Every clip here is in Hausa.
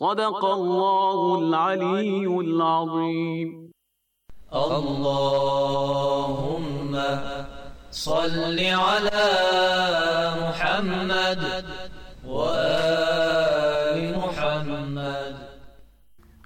صدق الله العلي العظيم اللهم صل على محمد وآل محمد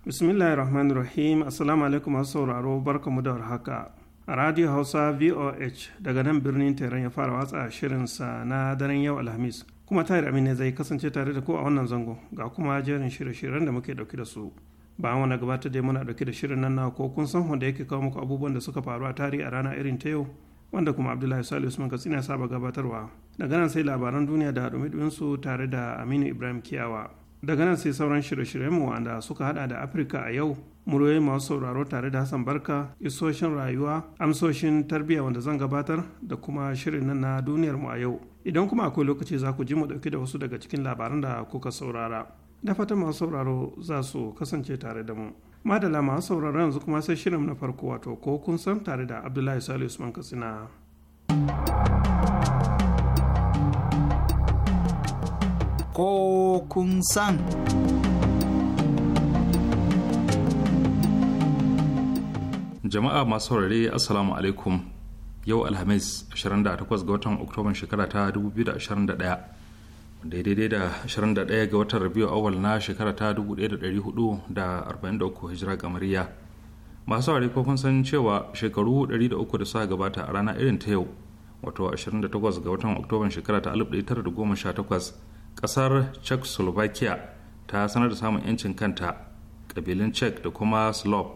بسم الله الرحمن الرحيم السلام عليكم أصور عروب بركة مدار حقا راديو هوسا VOH دغنان برنين تيرين فاروات أشيرنسا نادرين يو الهميس kuma tayar amina zai kasance tare da ku a wannan zango ga kuma jerin shirye-shiryen da muke dauke da su ba bayan wani gabatar dai muna dauke da shirin nan na ko kun san wanda yake kawo muku abubuwan da suka faru a tarihi a rana irin ta yau wanda kuma abdullahi salisu usman katsina saba gabatarwa daga nan sai labaran duniya da dumi su tare da aminu ibrahim kiyawa daga nan sai sauran shirye-shiryenmu wanda suka hada da afirka a yau muryoyi masu sauraro tare da hassan barka isoshin rayuwa amsoshin tarbiyya wanda zan gabatar da kuma shirin nan na duniyar mu a yau idan kuma akwai lokaci za ku ji mu dauki da wasu daga cikin labaran da kuka saurara da fatan masu sauraro za su kasance tare da mu madala masu sauraro yanzu kuma sai shirin na farko wato ko kun san tare da abdullahi salisu usman katsina ko kun san. Jama'a masu saurare Assalamu alaikum yau Alhamis 28 ga watan Oktoban shekara ta 2021 wanda daidai da 21 ga watan Rabiu awal na shekara ta 1443 hijira gamariya. Masu saurare ko kun san cewa shekaru 300 da suka gabata a rana irin ta yau wato 28 ga watan Oktoban shekara ta 1918 kasar czechoslovakia ta sanar da samun 'yancin kanta ƙabilun czech da kuma slav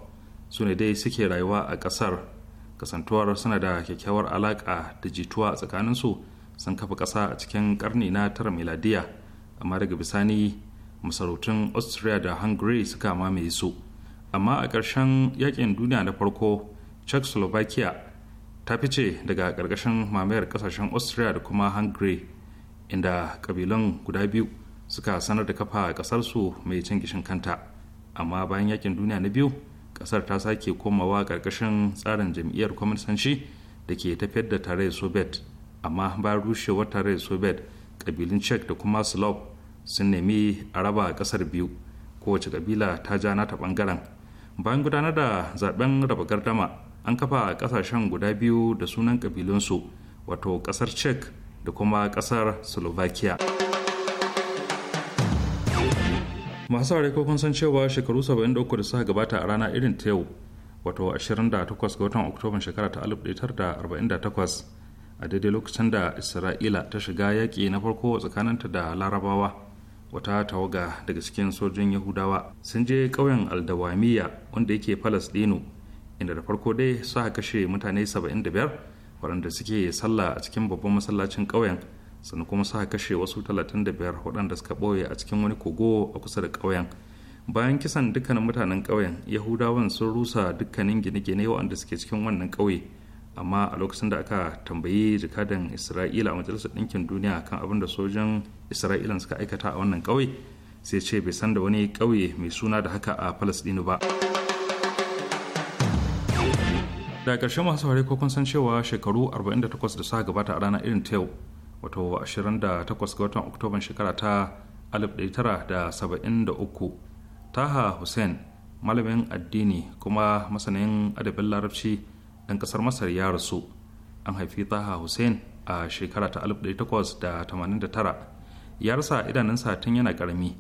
su ne dai suke rayuwa a kasar kasantuwar suna da kyakkyawar alaƙa da jituwa a tsakaninsu sun kafa kasa a cikin karni na tara miladiya amma daga bisani masarautun austria da hungary suka mamaye su amma a ƙarshen yakin duniya na farko czechoslovakia ta fice daga ƙarƙashin mamayar ƙasashen austria da kuma hungary inda kabilan guda biyu suka sanar da kafa kasarsu mai cin gishin kanta amma bayan yakin duniya na biyu kasar ta sake komawa karkashin tsarin jam'iyyar kwamisanci da ke tafiyar da tarayyar soviet amma bayan rushewar tarayyar soviet ƙabilun czech da kuma slav sun nemi a raba kasar biyu kowace kabila ta ja nata bangaren bayan gudanar da zaben raba gardama an kafa kasashen guda biyu da sunan kabilunsu wato kasar czech da kuma kasar slovakia masu saurari ko kun san cewa shekaru 73 da suka gabata a rana irin ta yau wato 28 ga watan oktoban shekara ta 1948 a daidai lokacin da isra'ila ta shiga yaƙi na farko tsakaninta da larabawa wata tawaga daga cikin sojin yahudawa sun je ƙauyen aldawamiya wanda yake falasɗinu inda da farko dai suka kashe mutane 75 waɗanda suke sallah a cikin babban masallacin ƙauyen sannan kuma suka kashe wasu 35 waɗanda suka ɓoye a cikin wani kogo a kusa da ƙauyen bayan kisan dukkanin mutanen ƙauyen yahudawan sun rusa dukkanin gine-gine waɗanda suke cikin wannan ƙauye amma a lokacin da aka tambayi jakadan isra'ila a majalisar ɗinkin duniya kan abin da sojan isra'ila suka aikata a wannan ƙauye sai ce bai san da wani ƙauye mai suna da haka a falasɗinu ba. da ƙarshe masu saurare ko kun san cewa shekaru 48 da suka gabata a ranar irin tew wato 28 ga watan oktoban shekara ta 1973 taha hussein malamin addini kuma masanin adabin larabci ɗan ƙasar masar ya rasu an haifi taha hussein a shekara ta 1889 ya rasa idanunsa tun yana ƙarami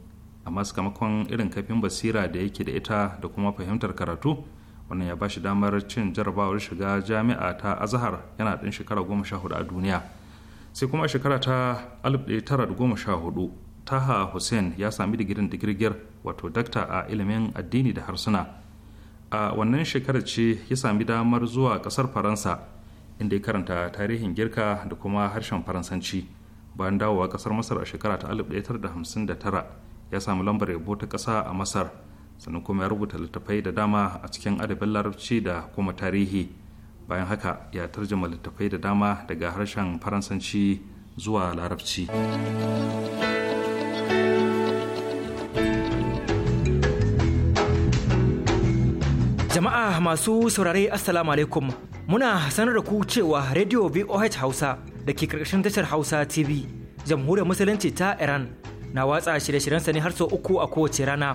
amma sakamakon irin kafin basira da yake da ita da kuma fahimtar karatu wannan ya bashi damar cin jarabawar shiga jami'a ta azahar yana ɗan shekara goma sha hudu a duniya sai kuma a shekara ta alif ɗaya tara da goma sha hudu taha hussein ya sami digirin digirgir wato dakta a ilimin addini da harsuna a wannan shekarar ce ya sami damar zuwa ƙasar faransa inda ya karanta tarihin girka da kuma harshen faransanci bayan dawowa ƙasar masar a shekara ta alif ɗaya tara da da hamsin tara ya sami lambar yabo ta ƙasa a masar sannan kuma ya rubuta littattafai da dama a cikin adabin larabci da kuma tarihi bayan haka ya tarjama littattafai da dama daga harshen faransanci zuwa larabci jama'a masu saurare assalamu alaikum muna sanar da ku cewa radio voh hausa da ke karkashin tashar hausa tv jamhuriyar musulunci ta iran na watsa shirye-shiryensa ne har sau uku a kowace rana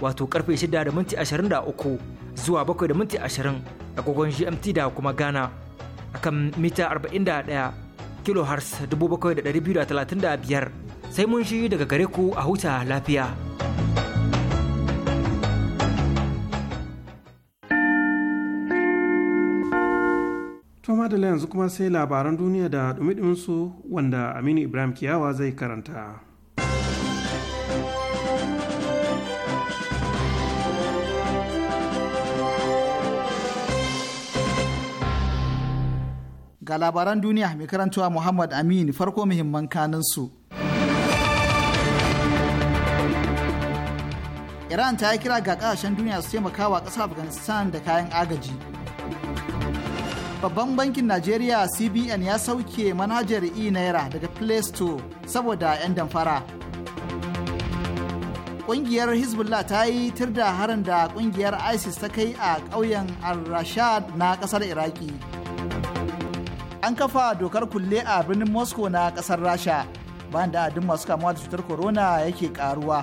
wato karfe 6 da minti 23 zuwa 7 da minti 20 agogon GMT da kuma Ghana akan mita 41 kilohertz 7,235 sai mun shi daga gare ku a huta lafiya. Toma da yanzu kuma sai labaran duniya da dumi su wanda Aminu Ibrahim Kiyawa zai karanta. Ga labaran duniya mai karantuwa Muhammad Amin farko muhimman kaninsu. Iran ta yi kira ga kasashen duniya su taimaka wa ƙasar Afghanistan da kayan agaji. Babban bankin Najeriya CBN ya sauke manhajar e-naira daga Play Store saboda 'yan damfara. ƙungiyar hezbollah ta yi tir da harin da ƙungiyar isis ta kai a ƙauyen al-rashad na ƙasar iraki an kafa dokar kulle a birnin moscow na kasar rasha bayan da adadin masu kamuwa da cutar corona yake karuwa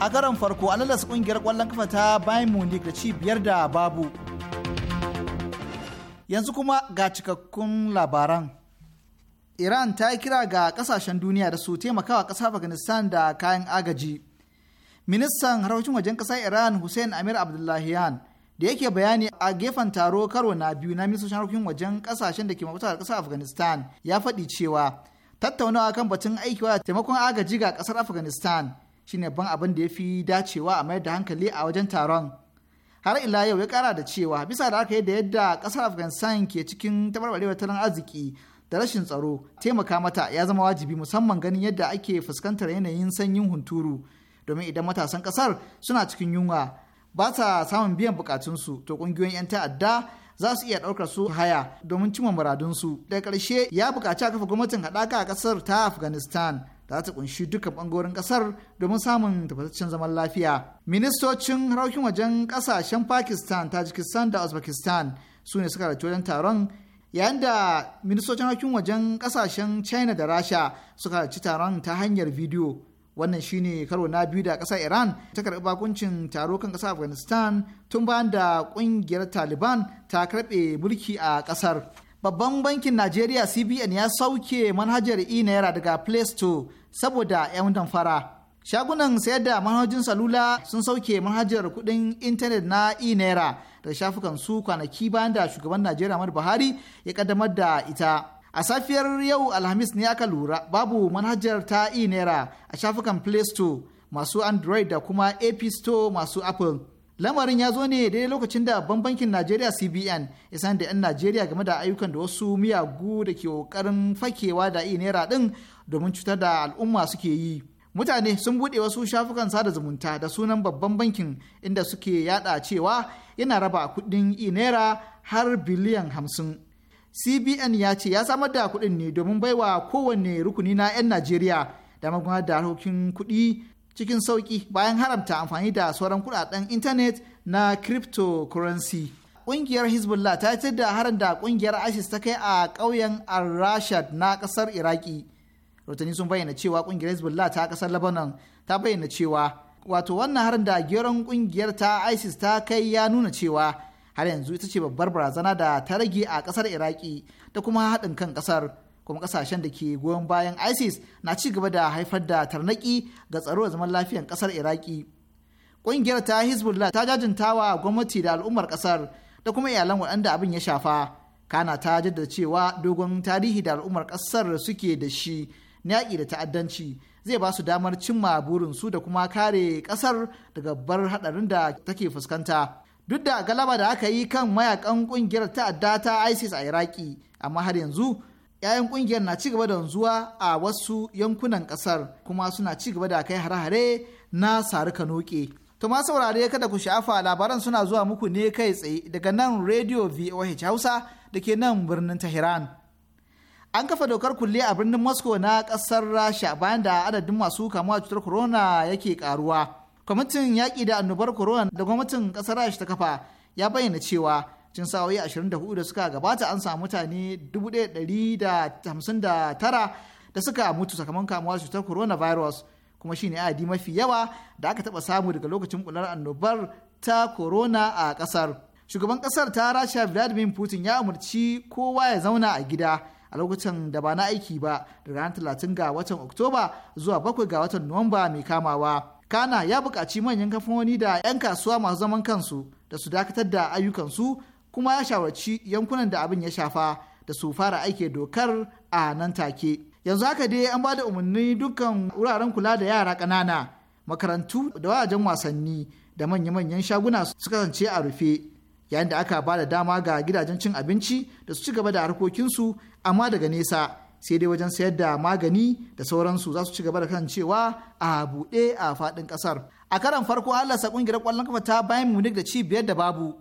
a karon farko an lalasa kungiyar kwallon kafa ta bayan munich da ci biyar da babu yanzu kuma ga cikakkun labaran iran ta yi kira ga kasashen duniya da su taimakawa kasa afghanistan da kayan agaji ministan harkokin wajen kasar iran hussein amir abdullahian da yake bayani a gefen taro karo na biyu na ministocin harkokin wajen kasashen da ke mabuta da kasar afghanistan ya faɗi cewa tattaunawa kan batun aikiwa da taimakon agaji ga kasar afghanistan shine ban abin da ya fi dacewa a mayar da hankali a wajen taron har ila yau ya kara da cewa bisa da aka yi da yadda kasar afghanistan ke cikin tabarbarewar tattalin arziki da rashin tsaro taimaka mata ya zama wajibi musamman ganin yadda ake fuskantar yanayin sanyin hunturu domin idan matasan kasar suna cikin yunwa ba sa samun biyan bukatunsu to kungiyoyin 'yan ta'adda za su iya ɗaukar su haya domin cimma muradunsu daga ƙarshe ya buƙaci a kafa gwamnatin haɗaka a ƙasar ta afghanistan da ta kunshi duka bangoren ƙasar domin samun tabbataccen zaman lafiya. Ministocin harkokin wajen kasashen Pakistan, Tajikistan da Uzbekistan su ne suka rarci wajen taron yayin da ministocin harkokin wajen ƙasashen China da Rasha suka rarci taron ta hanyar bidiyo. wannan shine karo na biyu da ƙasar iran ta karbi bakuncin taro kan kasa afghanistan tun bayan da kungiyar taliban ta karbe mulki a kasar. babban bankin najeriya cbn ya sauke manhajar e naira daga play store saboda 'yan damfara shagunan sayar da manhajin salula sun sauke manhajar kudin intanet na e naira da shafukan su kwanaki bayan da shugaban najeriya muhammadu buhari ya kaddamar da ita a safiyar yau alhamis ne aka lura babu manhajar ta e naira a shafukan play store masu android da kuma app store masu apple lamarin ya zo ne daidai lokacin da babban bankin najeriya cbn ya san da 'yan najeriya game da ayyukan da wasu miyagu da ke kokarin fakewa da e naira din domin cutar da al'umma suke yi mutane sun buɗe wasu shafukan sada zumunta da sunan babban bankin inda suke yada cewa yana raba kuɗin e naira har biliyan hamsin cbn ya ce ya samar da kuɗin ne domin baiwa kowanne rukuni na 'yan najeriya da gudanar da harkokin kuɗi cikin sauki bayan haramta amfani da sauran kuɗaɗen intanet na cryptocurrency ƙungiyar hezbollah ta yi da harin da ƙungiyar isis ta kai a ƙauyen al na ƙasar iraki rotani sun bayyana cewa ƙungiyar hezbollah ta ƙasar lebanon ta bayyana cewa wato wannan harin da geron ƙungiyar ta isis ta kai ya nuna cewa har yanzu ita ce babbar barazana da ta rage a kasar iraki da kuma haɗin kan kasar kuma kasashen da ke goyon bayan isis na ci gaba da haifar da tarnaki ga tsaro da zaman lafiyar kasar iraki ƙungiyar ta hezbollah ta jajintawa gwamnati da al'ummar kasar da kuma iyalan waɗanda abin ya shafa kana ta jaddada cewa dogon tarihi da al'ummar kasar suke da shi na yaƙi da ta'addanci zai ba su damar cimma burinsu da kuma kare kasar daga bar haɗarin da take fuskanta duk da galaba da aka yi kan mayakan kungiyar ta'adda ta isis a iraki amma har yanzu 'ya'yan kungiyar na cigaba da wanzuwa a wasu yankunan kasar kuma suna cigaba da kai hare-hare na saruka noke to ma saurare kada ku sha'afa labaran suna zuwa muku ne kai tsaye daga nan radio voh hausa da ke nan birnin tehran an kafa dokar kulle a birnin moscow na kasar rasha bayan da adadin masu kamuwa cutar corona yake karuwa kwamitin yaƙi da annobar corona da gwamnatin ƙasar rasha ta kafa ya bayyana cewa cin sa'o'i 24 da suka gabata an samu mutane 1,159 da suka mutu sakamakon kamuwa da cutar coronavirus kuma shine adi mafi yawa da aka taɓa samu daga lokacin bular annobar ta corona a ƙasar shugaban ƙasar ta rasha vladimir putin ya umarci kowa ya zauna a gida a lokacin da ba na aiki ba daga ranar 30 ga watan oktoba zuwa 7 ga watan nuwamba mai kamawa kana ya buƙaci manyan kamfanoni da 'yan kasuwa masu zaman kansu da su dakatar da ayyukansu kuma ya shawarci yankunan da abin ya shafa da su fara aike dokar a nan take yanzu haka dai an ba da umarni dukkan wuraren kula da yara ƙanana makarantu da wajen wasanni da manya-manyan shaguna su kasance a rufe yayin da aka ba da dama ga gidajen cin abinci da su ci gaba da harkokinsu amma daga nesa sai dai wajen sayar da magani da sauransu za su ci gaba da kasancewa a buɗe a faɗin ƙasar. A karan farko Allah sa ƙungiyar ƙwallon kafa ta bayan Munich da ci biyar da babu.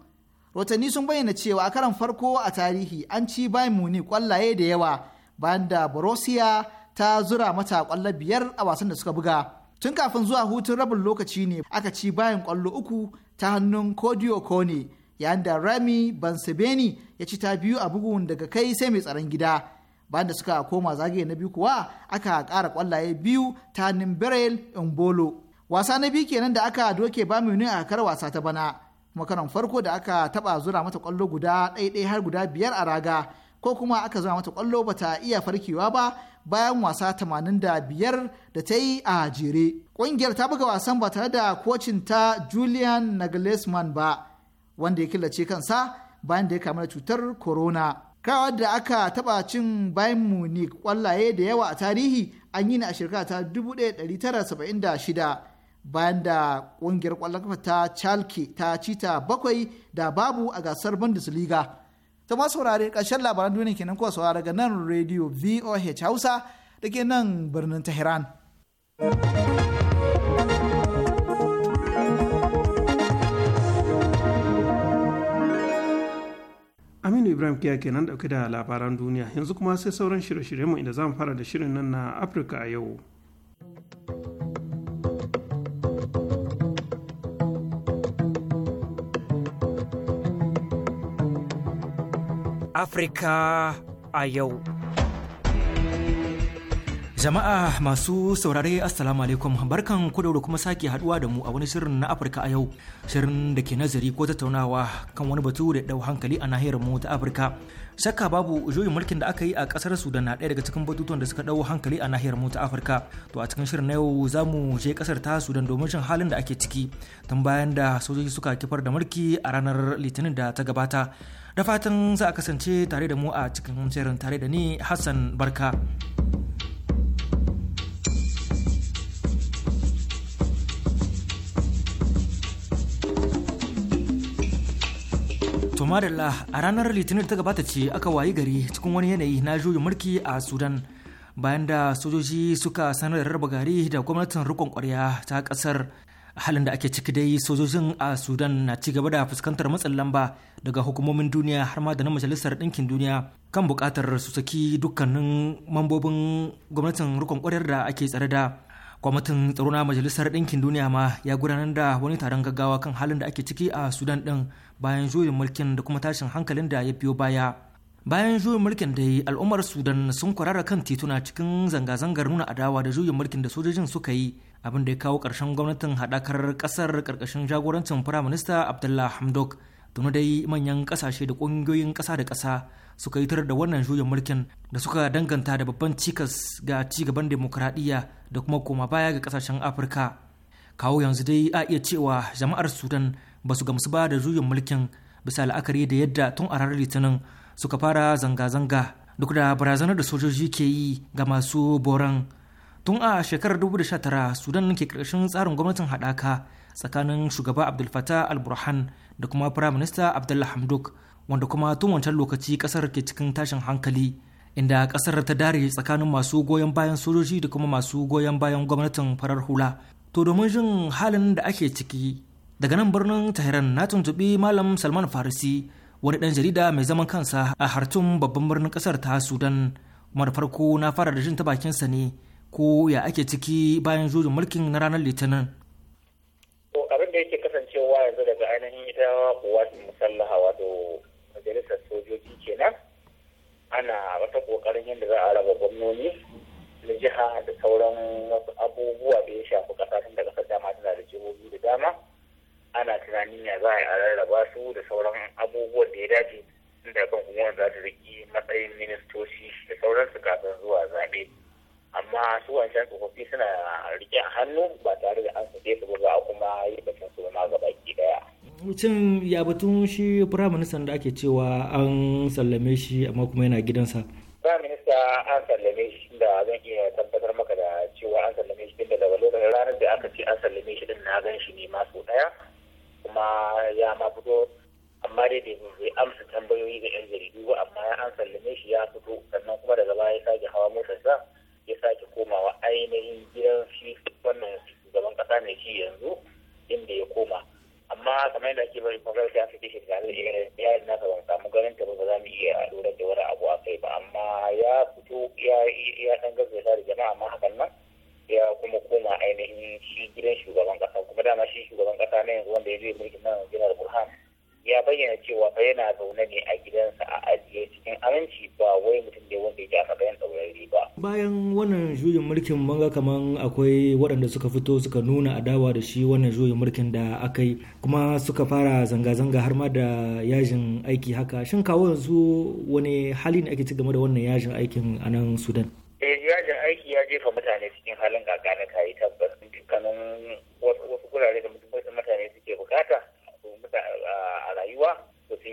Rotanni sun bayyana cewa a karan farko a tarihi an ci bayan Munich ƙwallaye da yawa bayan da Borussia ta zura mata ƙwallo biyar a wasan da suka buga. Tun kafin zuwa hutun rabin lokaci ne aka ci bayan ƙwallo uku ta hannun Kodio Kone yayin da Rami Bansebeni ya ci ta biyu a bugun daga kai sai mai tsaron gida. bayan da suka koma zagaye na biyu kuwa aka kara kwallaye biyu ta in bolo. wasa na biyu kenan da aka doke ba mu a kakar wasa ta bana kuma karon farko da aka taba zura mata kwallo guda ɗaiɗai har guda biyar a raga ko kuma aka zura mata ƙwallo bata iya farkewa ba bayan wasa 85 da ta yi a jere ƙungiyar ta buga wasan ba tare da kocin ta julian nagelsmann ba wanda ya killace kansa bayan da ya kamu da cutar corona kawar da aka taba cin bayan munich kwallaye da yawa a tarihi an yi ni a shekara ta 1976 bayan da kungiyar kwallon kafa ta chalke ta cita bakwai da babu a gasar bundesliga ta ma saurare karshen labaran duniya kenan kuwa saurare daga nan rediyo voh hausa da ke nan birnin tehran. aminu ibrahim kiya kenan dauke da labaran duniya yanzu kuma sai sauran shirye mu inda za mu fara da shirin nan na afirka a yau afirka a yau Jama'a masu saurare Assalamu alaikum barkan ku da kuma sake haduwa da mu a wani shirin na Afirka a yau shirin da ke nazari ko tattaunawa kan wani batu da dau hankali a nahiyar mu ta Afirka shakka babu juyin mulkin da aka yi a kasar Sudan na ɗaya daga cikin batutuwan da suka dau hankali a nahiyar mu ta Afirka to a cikin shirin na yau za mu je kasar ta Sudan domin jin halin da ake ciki tun bayan da sojoji suka kifar da mulki a ranar Litinin da ta gabata da fatan za a kasance tare da mu a cikin shirin tare da ni Hassan Barka. To madalla a ranar litinin da ta gabata ce aka wayi gari cikin wani yanayi na juyin mulki a Sudan bayan da sojoji suka sanar da raba gari da gwamnatin rikon kwarya ta kasar halin da ake ciki dai sojojin a Sudan na ci gaba da fuskantar matsin lamba daga hukumomin duniya har ma da na majalisar ɗinkin duniya kan bukatar su saki dukkanin mambobin gwamnatin rikon kwaryar da ake tsare da kwamitin tsaro na majalisar ɗinkin duniya ma ya gudanar da wani taron gaggawa kan halin da ake ciki a sudan ɗin bayan juyin mulkin da kuma tashin hankalin da ya biyo baya bayan juyin mulkin da al'ummar sudan sun kwarara kan tituna cikin zanga-zangar nuna adawa da juyin mulkin da sojojin suka yi abin da ya kawo ƙarshen gwamnatin haɗakar ƙasar ƙarƙashin jagorancin firaminista abdullah hamdok tuni dai manyan ƙasashe da ƙungiyoyin ƙasa da ƙasa suka yi da wannan juyin mulkin da suka danganta da babban cikas ga ci gaban demokuraɗiyya da kuma koma baya ga kasashen afirka kawo yanzu dai a iya cewa jama'ar sudan ba su gamsu ba da juyin mulkin bisa la'akari da yadda tun a ranar litinin suka fara zanga-zanga duk da barazanar da sojoji ke yi ga masu boran tun a shekarar 2019 sudan ke ƙarshen tsarin gwamnatin haɗaka tsakanin shugaba abdul alburhan da kuma firaminista abdullah hamduk wanda kuma tun wancan lokaci kasar ke cikin tashin hankali inda kasar ta dare tsakanin masu goyon bayan sojoji da kuma masu goyon bayan gwamnatin farar hula to domin jin halin da ake ciki daga nan birnin tahiran na tuntuɓi malam salman farisi wani dan jarida mai zaman kansa a hartun babban birnin kasar ta sudan kuma da farko na fara da jin ta bakinsa ne ko ya ake ciki bayan zujin mulkin na ranar litinin abin da yake kasancewa yanzu daga ainihin ita kuwa musallaha ana wata kokarin yadda za a raba gwamnoni na jiha da sauran wasu abubuwa da ya shafi kasashen da kasar dama tana da jihohi da dama ana tunanin ya za a rarraba su da sauran abubuwan da ya dace tun da kan hukumar za ta riki matsayin ministoci da su kafin zuwa zaɓe amma su wancan tsofaffi suna riƙe a hannu ba tare da an su su ba kuma yi batun su ma gaba ki daya. cin ya batun shi firaministan da ake cewa an sallame shi amma kuma yana gidansa firaminista an sallame shi da zan iya tabbatar maka da cewa an sallame shi da daga lokacin ranar da aka ce an sallame shi din na gan shi ne masu daya kuma ya ma fito amma dai da bai amsa tambayoyi ga yan jaridu ba amma ya an sallame shi ya fito sannan kuma daga baya ya sake hawa motarsa ya sake komawa ainihin gidan shi wannan shugaban kasa ne shi yanzu inda ya koma amma kamar yadda ake bari kwarar da aka kishi tare da eh, yayin nasa ban mu ganin ta ba za mu iya lura da wani abu a kai ba amma ya fito ya ya dan gaggauta da jama'a ma hakan nan ya kuma koma ainihin shi gidan shugaban kasa kuma dama shi shugaban kasa ne yanzu wanda ya je mulkin nan janar burhan ya bayyana cewa fa yana zaune ne a gidansa a ajiye cikin aminci ba wai mutum da wanda ya aka bayan tsaurari ba. Bayan wannan juyin mulkin manga kamar akwai waɗanda suka fito suka nuna adawa da shi wannan juyin mulkin da aka yi kuma suka fara zanga-zanga har ma da yajin aiki haka shin kawo yanzu wani hali ne ake ci game da wannan yajin aikin a nan Sudan? Eh, yajin aiki ya jefa mutane cikin halin na kayi tabbas dukkanin wasu gurare da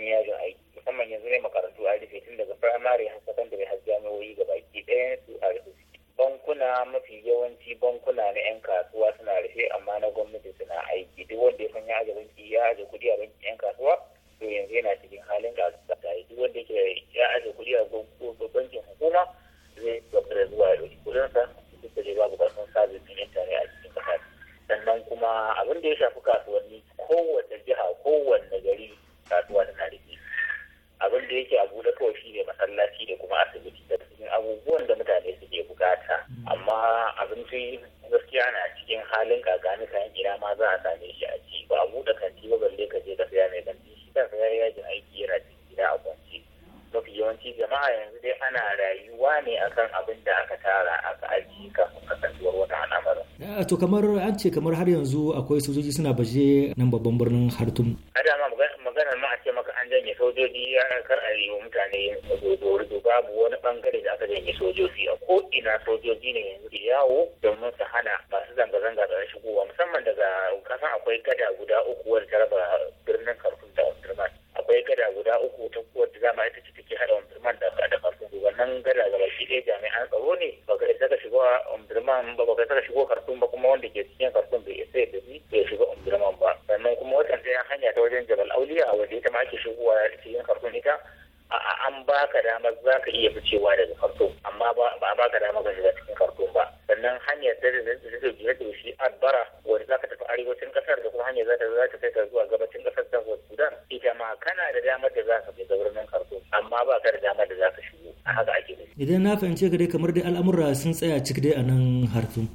ya yajin aiki musamman yanzu ne makarantu a rufe tun daga firamare har sakandare har jami'o'i ga baki ɗayan su a rufe bankuna mafi yawanci bankuna na 'yan kasuwa suna rufe amma na gwamnati suna aiki duk wanda ya san ya aje banki ya aje kuɗi a bankin 'yan kasuwa to yanzu yana cikin halin da aka tayi duk wanda ke ya aje kuɗi a bankin hukuma zai gaba da zuwa ya ɗauki kuɗinsa duk da dai babu karfin sabis ɗin intanet a cikin ƙasa sannan kuma abin da ya shafi kasuwanni ko to kamar an ce kamar har yanzu akwai sojoji suna baje nan babban birnin hartum kasance gare kamar dai al'amura sun tsaya cik dai a nan hartum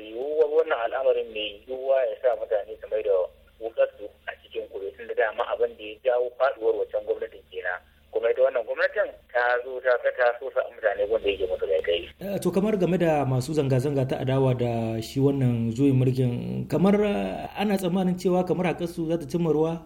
yiwuwa wannan al'amarin mai yiwuwa ya sa mutane su mai da wukarsu a cikin kure tun da dama abin da ya jawo faduwar wancan gwamnatin kenan kuma ita wannan gwamnatin ta zo ta ta so sa mutane wanda yake mutu kai kai. Eh, to kamar game da masu zanga-zanga ta adawa da shi wannan juyin mulkin kamar eh, ana tsammanin cewa kamar a kasu za ta cimma ruwa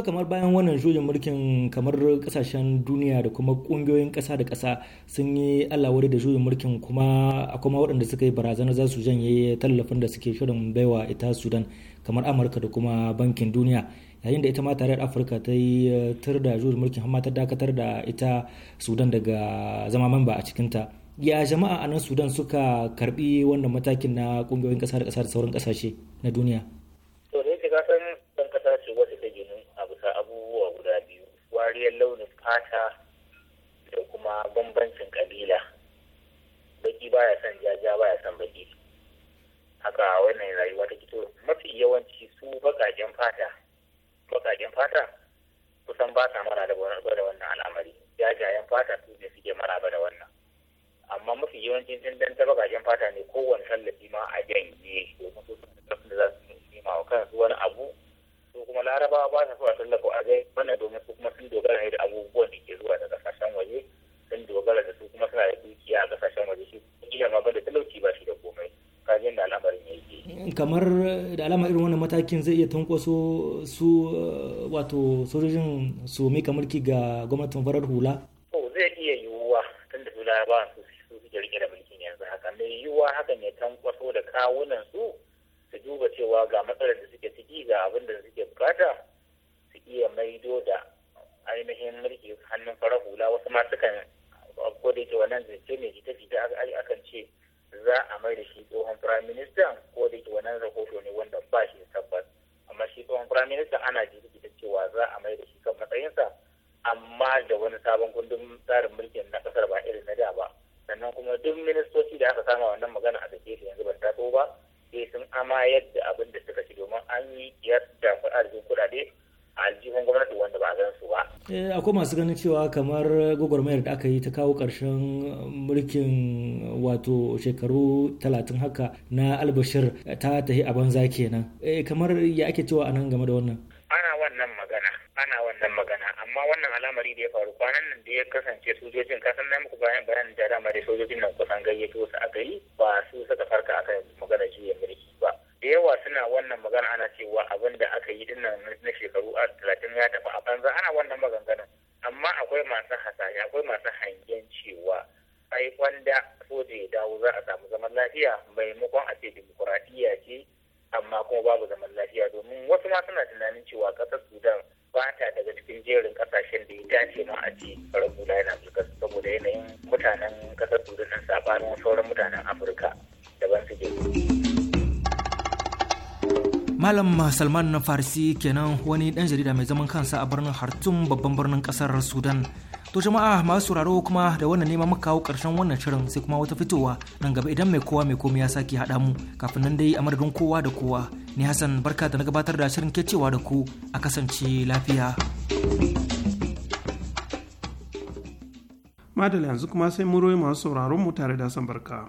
ba kamar bayan wannan juyin mulkin kamar kasashen duniya da kuma kungiyoyin kasa da kasa sun yi alawari da juyin mulkin kuma a kuma waɗanda suka yi barazana za su janye tallafin da suke shirin baiwa ita sudan kamar amurka da kuma bankin duniya yayin da ita ma tarayyar afirka ta yi eh, tar da juyin mulkin amma ta dakatar da ita sudan daga zama mamba a cikinta ya jama'a a nan sudan suka karbi wannan matakin na kungiyoyin kasa da kasa da sauran kasashe na duniya kariyar launin fata da kuma bambancin kabila baki baya son jaja baya son baki haka wannan rayuwa ta kito mafi yawanci su bakaken fata bakaken fata kusan ba sa mara da wannan al'amari jajayen fata su ne suke mara da wannan amma mafi yawancin dan ta bakaken fata ne kowane tallafi ma a janye domin su da za su nema wa kansu wani abu su kuma larabawa ba su fara tallafa a gai wannan domin su kuma sun dogara ne da abubuwan da ke zuwa daga kasashen waje sun dogara da su kuma suna da dukiya a kasashen waje shi kila ma ba da talauci ba shi da komai kajin da al'amarin yi kamar da alama irin wannan matakin zai iya tankwaso su eh, wato sojojin su kamar mulki ga gwamnatin farar hula to zai iya yiwuwa tun da larabawa su suke rike da mulkin yanzu haka mai yiwuwa hakan ya tankwaso da kawunan su su duba cewa ga matsalar da suke ciki ga abin da suke bukata su iya maido da ainihin mulki hannun farar hula wasu ma sukan ko da yake wannan zance ne ita fita akan ce za a mai da shi tsohon prime minister ko da yake wannan rahoto ne wanda ba shi tabbas amma shi tsohon prime minister ana jirgita cewa za a mai da shi kan matsayinsa amma da wani sabon kundin tsarin mulkin na kasar ba irin na da ba sannan kuma duk ministoci da aka kama wannan magana a da yanzu ban taso ba sai eh, sun amayar yadda abin da suka ci domin an yi yadda arzikin kuɗaɗe a aljihun gwamnati wanda ba zan su ba. Eh, akwai masu ganin cewa kamar gwagwarmayar da aka yi ta kawo ƙarshen mulkin wato shekaru talatin haka na albashir ta tahi a banza kenan eh, kamar ya ake cewa a nan game da wannan. ana wannan ana wannan magana amma wannan al'amari da ya faru kwanan nan da ya kasance sojojin kasan na muku bayan bayan da dama da sojojin nan kusan gayyato su aka yi ba su suka farka akan magana juya mulki ba da yawa suna wannan magana ana cewa abin da aka yi dinnan na shekaru a talatin ya tafi a banza ana wannan maganganun amma akwai masu hasashe akwai masu hangen cewa ai wanda soja ya dawo za a samu zaman lafiya maimakon a ce dimokuraɗiyya ce amma kuma babu zaman lafiya domin wasu ma suna tunanin cewa ƙasar sudan ba daga cikin jerin kasashen da ya dace ma a ci karin guda yana mulkar saboda yanayin mutanen kasar turai nan sabanin sauran mutanen afirka daban je. Malam Salman na Farisi kenan wani dan jarida mai zaman kansa a birnin Hartum babban birnin kasar Sudan. To jama'a masu sauraro kuma da wannan nema muka kawo karshen wannan shirin sai kuma wata fitowa nan gaba idan mai kowa mai komai ya sake haɗa mu kafin nan dai a madadin kowa da kowa. Ni Hassan barka da na gabatar da shirin ke cewa da ku a kasance lafiya. Madalla yanzu kuma sai mu roye masu sauraron mu tare da Hassan barka.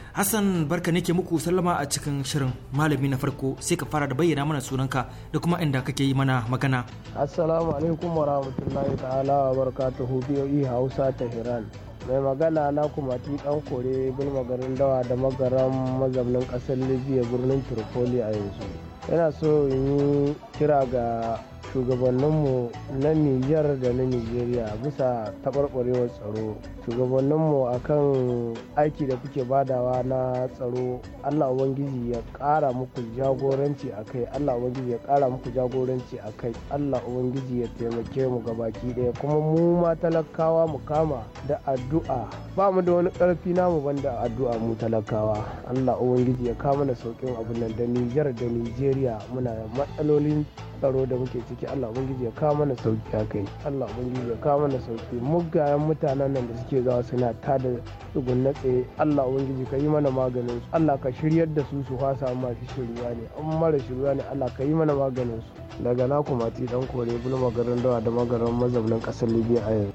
Hassan barka nake muku sallama a cikin shirin malami na farko sai ka fara da bayyana mana sunanka da kuma inda kake yi mana magana. Assalamu alaikum wa rahmatullahi ta'ala wa barakatuhu biyoyi e Hausa ta Iran. mai magana na ti dan kore gulma garin dawa da magaran mazaunin kasar libya birnin tripoli a yanzu yana so yi kira ga shugabanninmu na nijar da na nijeriya bisa taɓarɓarewar tsaro shugabanninmu a kan aiki da kuke badawa na tsaro allah ubangiji ya kara muku jagoranci a kai allah ubangiji ya kara muku jagoranci a kai allah ubangiji ya taimake mu gabaki daya. kuma mu ma talakawa mu kama da addu'a ba mu da wani karfi namu banda addu'a mu talakawa allah ubangiji ya kama da saukin abin nan da nijar da nijeriya muna da matsalolin tsaro da muke ciki allah ubangiji ya kama da sauki a kai allah ubangiji ya kama da sauki mugayen mutanen nan da suke suke zawa suna tada tsugun na tsaye Allah ubangiji ka yi mana maganin su Allah ka shiryar da su su fasa masu shiruwa ne an mara shiruwa ne Allah ka yi mana maganin su daga na kuma ti dan kore bulu magarin dawa da magarin mazaunin kasar Libya a yanzu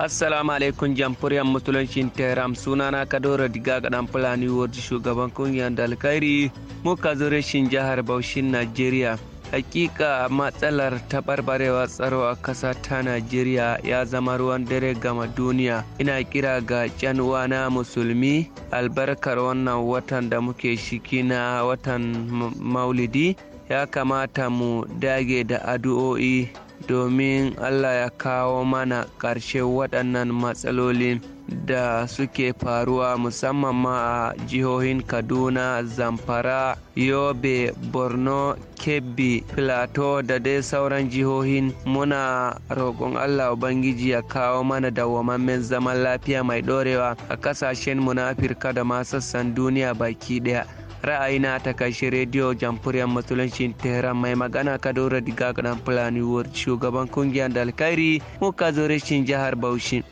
assalamu alaikum jamhuriyar musuluncin tehran sunana kadoro diga dan fulani wadda shugaban kungiyar dalkairi muka zo rashin jihar baushin najeriya hakika matsalar taɓarɓarewar tsaro a ƙasa ta najeriya ya zama ruwan dare gama duniya ina kira ga canwa na musulmi albarkar wannan watan da muke shiki na watan maulidi ya kamata mu dage da addu'o'i domin allah ya kawo mana ƙarshe waɗannan matsaloli da suke faruwa musamman ma a jihohin kaduna zamfara yobe borno kebbi filato da dai sauran jihohin muna roƙon allah ubangiji ya kawo mana dawwamammen zaman lafiya mai ɗorewa a mu na afirka da ma sassan duniya baki ɗaya ra'ayina ta kashi rediyo jamhuriyar Musulunci, tehran mai magana kadoro diga gadon fulani shugaban kungiyar da alkhairi muka zo rashin jihar bauchi.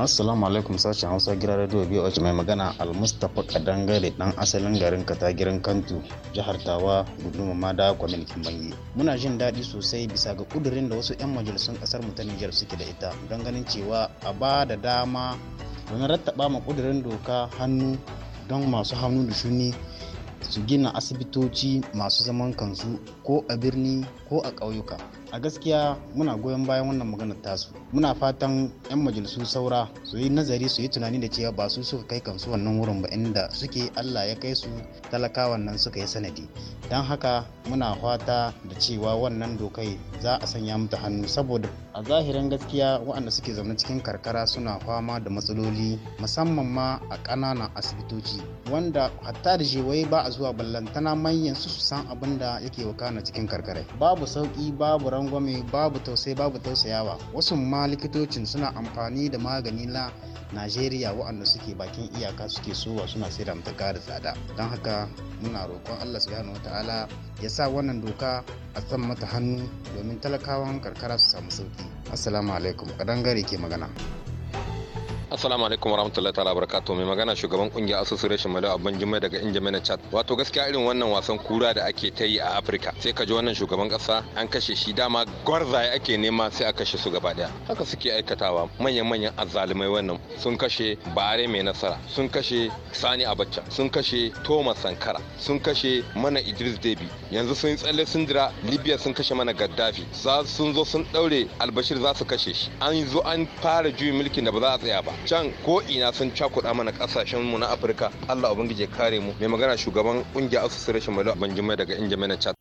assalamu alaikum sashen hausa gira radio boh mai magana almustapha kadangare dan asalin garin katagirin kantu jihar tawa guduma mada kwamilkin bangi muna jin daɗi sosai bisa ga kudurin da wasu 'yan majalisun ƙasar mu ta nijar suke da ita don ganin cewa a ba da dama wani rattaba ma kudurin doka hannu don masu hannu da shuni su gina asibitoci masu zaman kansu ko a birni ko a ƙauyuka a gaskiya muna goyon bayan wannan magana tasu muna fatan 'yan majalisu saura su yi nazari su yi tunani da cewa ba su suka kai kansu wannan wurin ba inda suke allah ya kai su talakawa nan suka yi sanadi don haka muna fata da cewa wannan dokai za a sanya mata hannu saboda a zahirin gaskiya waɗanda suke zaune cikin karkara suna fama da matsaloli musamman ma a ƙananan asibitoci wanda hatta da wai ba a zuwa ballantana manyan su san abin da yake wakana cikin karkara babu sauƙi babu rangwame babu tausayi babu tausayawa wasu ma likitocin suna amfani da magani na najeriya waɗanda suke bakin iyaka suke sowa suna sai da mutaka tsada don haka muna roƙon allah subhanahu wataala ya sa wannan doka a san mata hannu domin talakawan karkara su samu sauki assalamu alaikum ƙadangare ke magana Assalamu alaikum warahmatullahi ta'ala barakatuh mai magana shugaban kungiyar association Malau Abban jimai daga Injimai na Chad. Wato gaskiya irin wannan wasan kura da ake ta yi a Afirka sai ka ji wannan shugaban kasa an kashe shi dama gwarzaye ake nema sai a kashe su gaba daya. Haka suke aikatawa manyan-manyan azzalumai wannan sun kashe Bare mai nasara sun kashe Sani Abacha sun kashe Thomas Sankara sun kashe mana Idris debi yanzu sun yi tsalle sun jira Libya sun kashe mana Gaddafi za sun zo sun daure Albashir za su kashe shi an zo an fara juyin mulkin da ba za a tsaya ba can ko ina sun cakuɗa mana ƙasashen mu na afirka allah ubangiji kare mu mai magana shugaban ƙungiyar association malu banjimai daga injimai na chat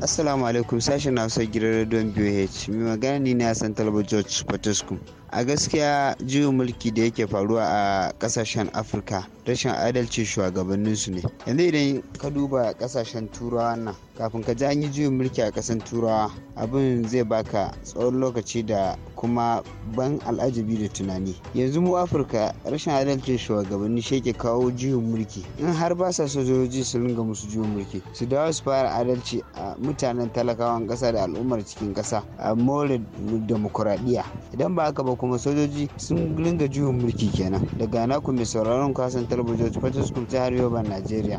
Assalamu alaikum sashen Hausa gidan Radio BH. Mai magana ni na asan talabar George Patescu. a gaskiya juyin mulki da yake faruwa a kasashen afirka rashin adalci su ne yanzu idan ka duba kasashen turawa nan kafin ka ji an yi juyin mulki a kasan turawa abin zai baka tsawon lokaci da kuma ban al'ajabi da tunani yanzu mu afirka rashin adalcin shugabanni shi yake kawo juyin mulki in har ba sa sojoji su ringa musu juyin mulki su dawo su fara adalci a mutanen talakawan kasa da al'ummar cikin kasa a more demokuraɗiyya idan ba haka ba kuma sojoji sun ringa juyin mulki kenan daga naku mai sauraron kasan talabijin fataskum jihar yoban najeriya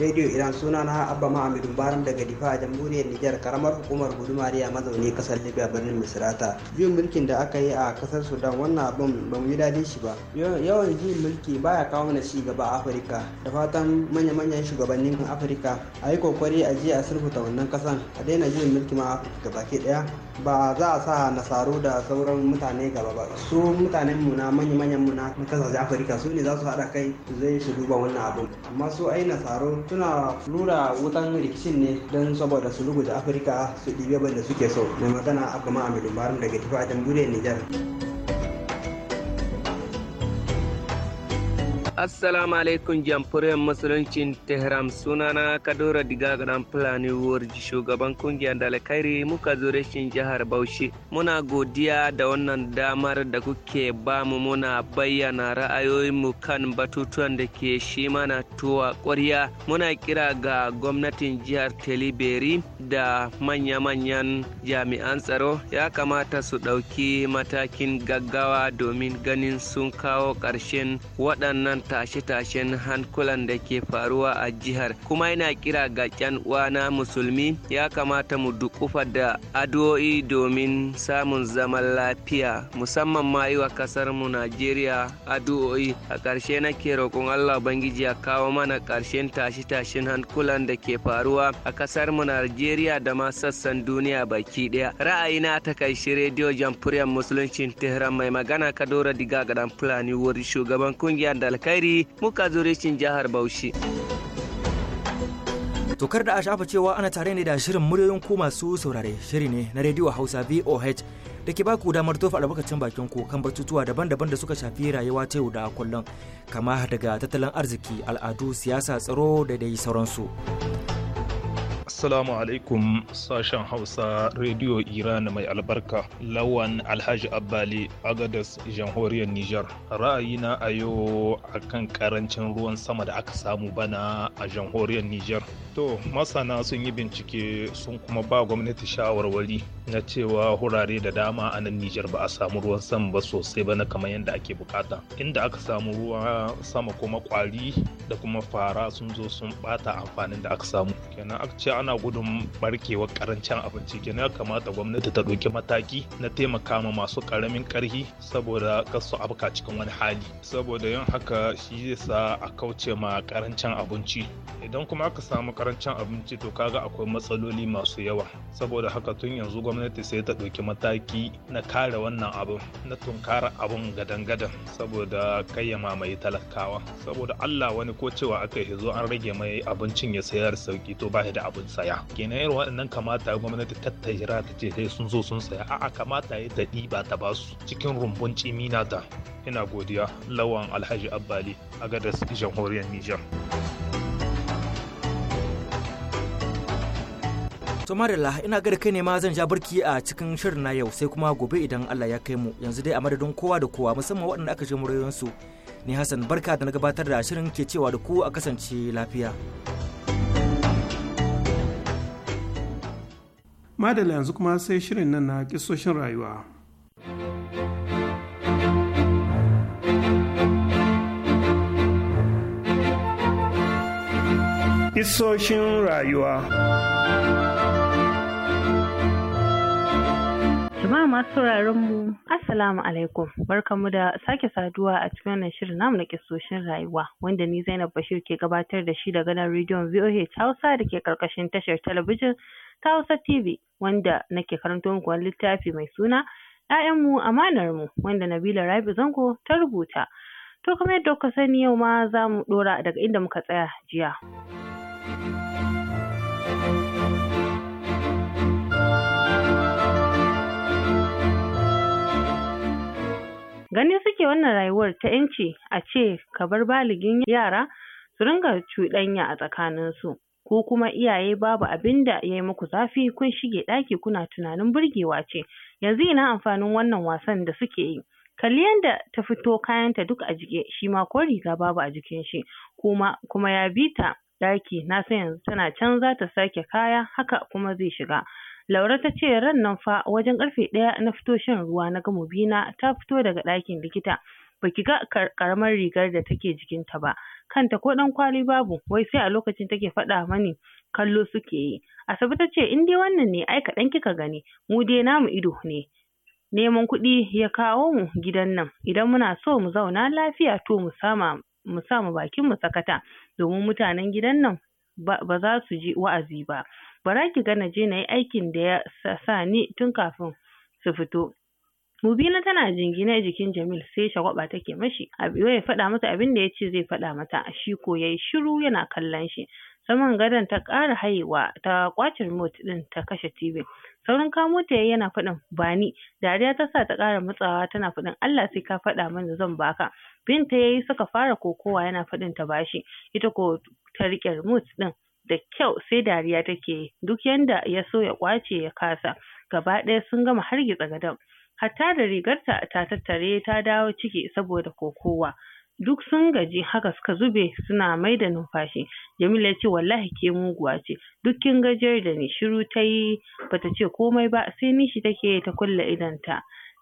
radio iran suna na abba ma'amidun baran daga difa a jamhuriyar nijar karamar hukumar gudumariya mazauni kasar libya birnin misrata juyin mulkin da aka yi a kasar sudan wannan abin ba mu yi dadin shi ba yawan juyin mulki baya kawo mana ci gaba a afirka da fatan manya-manyan shugabannin afirka a yi kokari a je a sulhuta wannan kasan a daina juyin mulki ma afirka baki daya ba za a sa nasaru da sauran mutane gaba ba su mutanen mu na manya manyan mu na kasashe afirka su ne za su haɗa kai zai su duba wannan abun amma su ai nasaru suna lura wutan rikicin ne don saboda su rubuta afirka su ɗibe da suke so mai magana a kuma amidun barin daga tifa a jamhuriyar nijar Assalamu alaikum jamhuriyar musuluncin Tehran sunana Kadura Diga Gadan Fulani Warji shugaban kungiyar Dalakairi muka zo rashin jihar Bauchi. Muna godiya da wannan damar da kuke ba mu muna bayyana ra'ayoyinmu kan batutuwan da ke shi mana tuwa ƙwarya. Muna kira ga gwamnatin jihar Teliberi da manya-manyan jami'an tsaro ya kamata su ɗauki matakin gaggawa domin ganin sun kawo ƙarshen waɗannan tashe-tashen hankulan da ke faruwa a jihar kuma yana kira ga ƙyan uwana musulmi ya kamata mu dukufa da addu'o'i domin samun zaman lafiya musamman ma yi wa kasar mu Najeriya addu'o'i a ƙarshe nake roƙon Allah Ubangiji ya kawo mana ƙarshen tashe-tashen hankulan da ke faruwa a kasar mu Najeriya da ma sassan duniya baki ɗaya ra'ayina ta kai shi rediyo jamhuriyar musuluncin Tehran mai magana Kadora Diga Gadan Fulani wuri shugaban kungiyar dalkai Bari muka zo reshin jihar Bauchi. Tokar da a shafa cewa ana tare ne da shirin muryoyin ku masu saurare shiri ne na rediyo Hausa VOH da ke baku damar tofa albarkacin bakin ku kan batutuwa daban-daban da suka shafi rayuwa ta yau da kullum kama daga tattalin arziki, al'adu, siyasa, tsaro da dai sauransu. Assalamu alaikum sashen Hausa Radio Iran mai albarka. Lawan Alhaji Abbali Agadas Jamhuriyar Nijar. Ra'ayina a yau akan karancin ruwan sama da aka samu bana a Jamhuriyar Nijar. To masana sun yi bincike sun kuma ba gwamnati shawarwari na cewa hurare da dama a nan Nijar ba a samu ruwan sama ba sosai bana kamar yadda ake bukata. Inda aka samu ruwa sama kuma kwari da kuma fara sun zo sun bata amfanin da aka samu. Kenan aka ana gudun barkewar karancin abinci kenan ya kamata gwamnati ta ɗauki mataki na taimaka ma masu ƙaramin ƙarhi saboda kasu abuka cikin wani hali saboda yin haka shi zai sa a kauce ma karancin abinci idan kuma aka samu karancin abinci to kaga akwai matsaloli masu yawa saboda haka tun yanzu gwamnati sai ta ɗauki mataki na kare wannan abin na tunkara abin gadan-gadan saboda kayyama mai talakawa saboda allah wani ko cewa aka yi zo an rage mai abincin ya sayar sauki to ba da abinci saya kenan irin waɗannan kamata gwamnati ta jira ta ce sai sun zo sun saya a'a kamata ya daɗi ba ta basu cikin rumbun cimina da ina godiya lawan alhaji abbali a gadar jamhuriyar nijar To Marilla, ina gada kai ne ma zan ja barki a cikin shirin na yau sai kuma gobe idan Allah ya kai mu yanzu dai a madadin kowa da kowa musamman waɗanda aka je murayoyinsu Ni Hassan barka da na gabatar da shirin ke cewa da ku a kasance lafiya. madala yanzu kuma sai shirin nan na kisoshin rayuwa Kisoshin rayuwa Jama'a masu mu Assalamu alaikum barkamu da sake saduwa a cikin wannan shirin namu na kisoshin rayuwa wanda ni Zainab Bashir ke gabatar da shi daga nan rediyon VOH Hausa da ke karkashin tashar talabijin ta Hausa TV wanda nake karanto muku wani littafi mai suna ‘Ya'yanmu amanar mu wanda Nabila Rabi Zango ta rubuta. To kamar yadda kuka sani yau ma za mu ɗora daga inda muka tsaya jiya. Gani suke wannan rayuwar ta ‘yanci a ce ka bar baligin yara su ringa cuɗanya a tsakaninsu. ko kuma iyaye babu abin da ya yi muku zafi kun shige ɗaki kuna tunanin burgewa ce yanzu ina amfanin wannan wasan da suke yi kalli yadda ta fito kayanta duk a jike shi ma ko riga babu a jikin shi kuma kuma ya bi ta ɗaki na san yanzu tana can za ta sake kaya haka kuma zai shiga Laura ta ce ran nan fa wajen karfe ɗaya na fito shan ruwa na ga na, ta fito daga ɗakin likita baki ga karamar rigar da take jikin ta ba kanta ko ɗan kwali babu wai sai a lokacin take faɗa mani kallo suke yi asabe ta ce in dai wannan ne ai kaɗan kika gani mu dai namu ido ne neman kuɗi ya kawo mu gidan nan idan muna so mu zauna lafiya to mu sama mu sa mu bakin mu sakata domin mutanen gidan nan ba za su ji wa'azi ba bara ki ga naje je na yi aikin da ya sani tun kafin su fito Mubina tana jingine jikin Jamil sai shagwaba take mashi. biyo ya faɗa mata abin da ya ce zai faɗa mata. Shi ko yayi shiru yana kallon shi. Saman gadon ta ƙara haiwa ta ƙwace remote ɗin ta kashe TV. Saurin kamo ta yayi yana faɗin bani. Dariya ta sa ta ƙara matsawa tana faɗin Allah sai ka faɗa mana zan baka. Binta yayi suka fara kokowa yana faɗin ta bashi. Ita ko ta riƙe remote ɗin da kyau sai dariya take Duk yanda ya so ya ƙwace ya kasa. Gaba ɗaya sun gama hargitsa gadon. hatta da rigarta ta tattare ta dawo ciki saboda kokowa duk sun gaji haka suka zube suna mai da numfashi Jamila ya ce wallahi ke muguwa ce duk kin gajiyar da ni shiru ta yi bata ce komai ba sai nishi take ta kulle ta.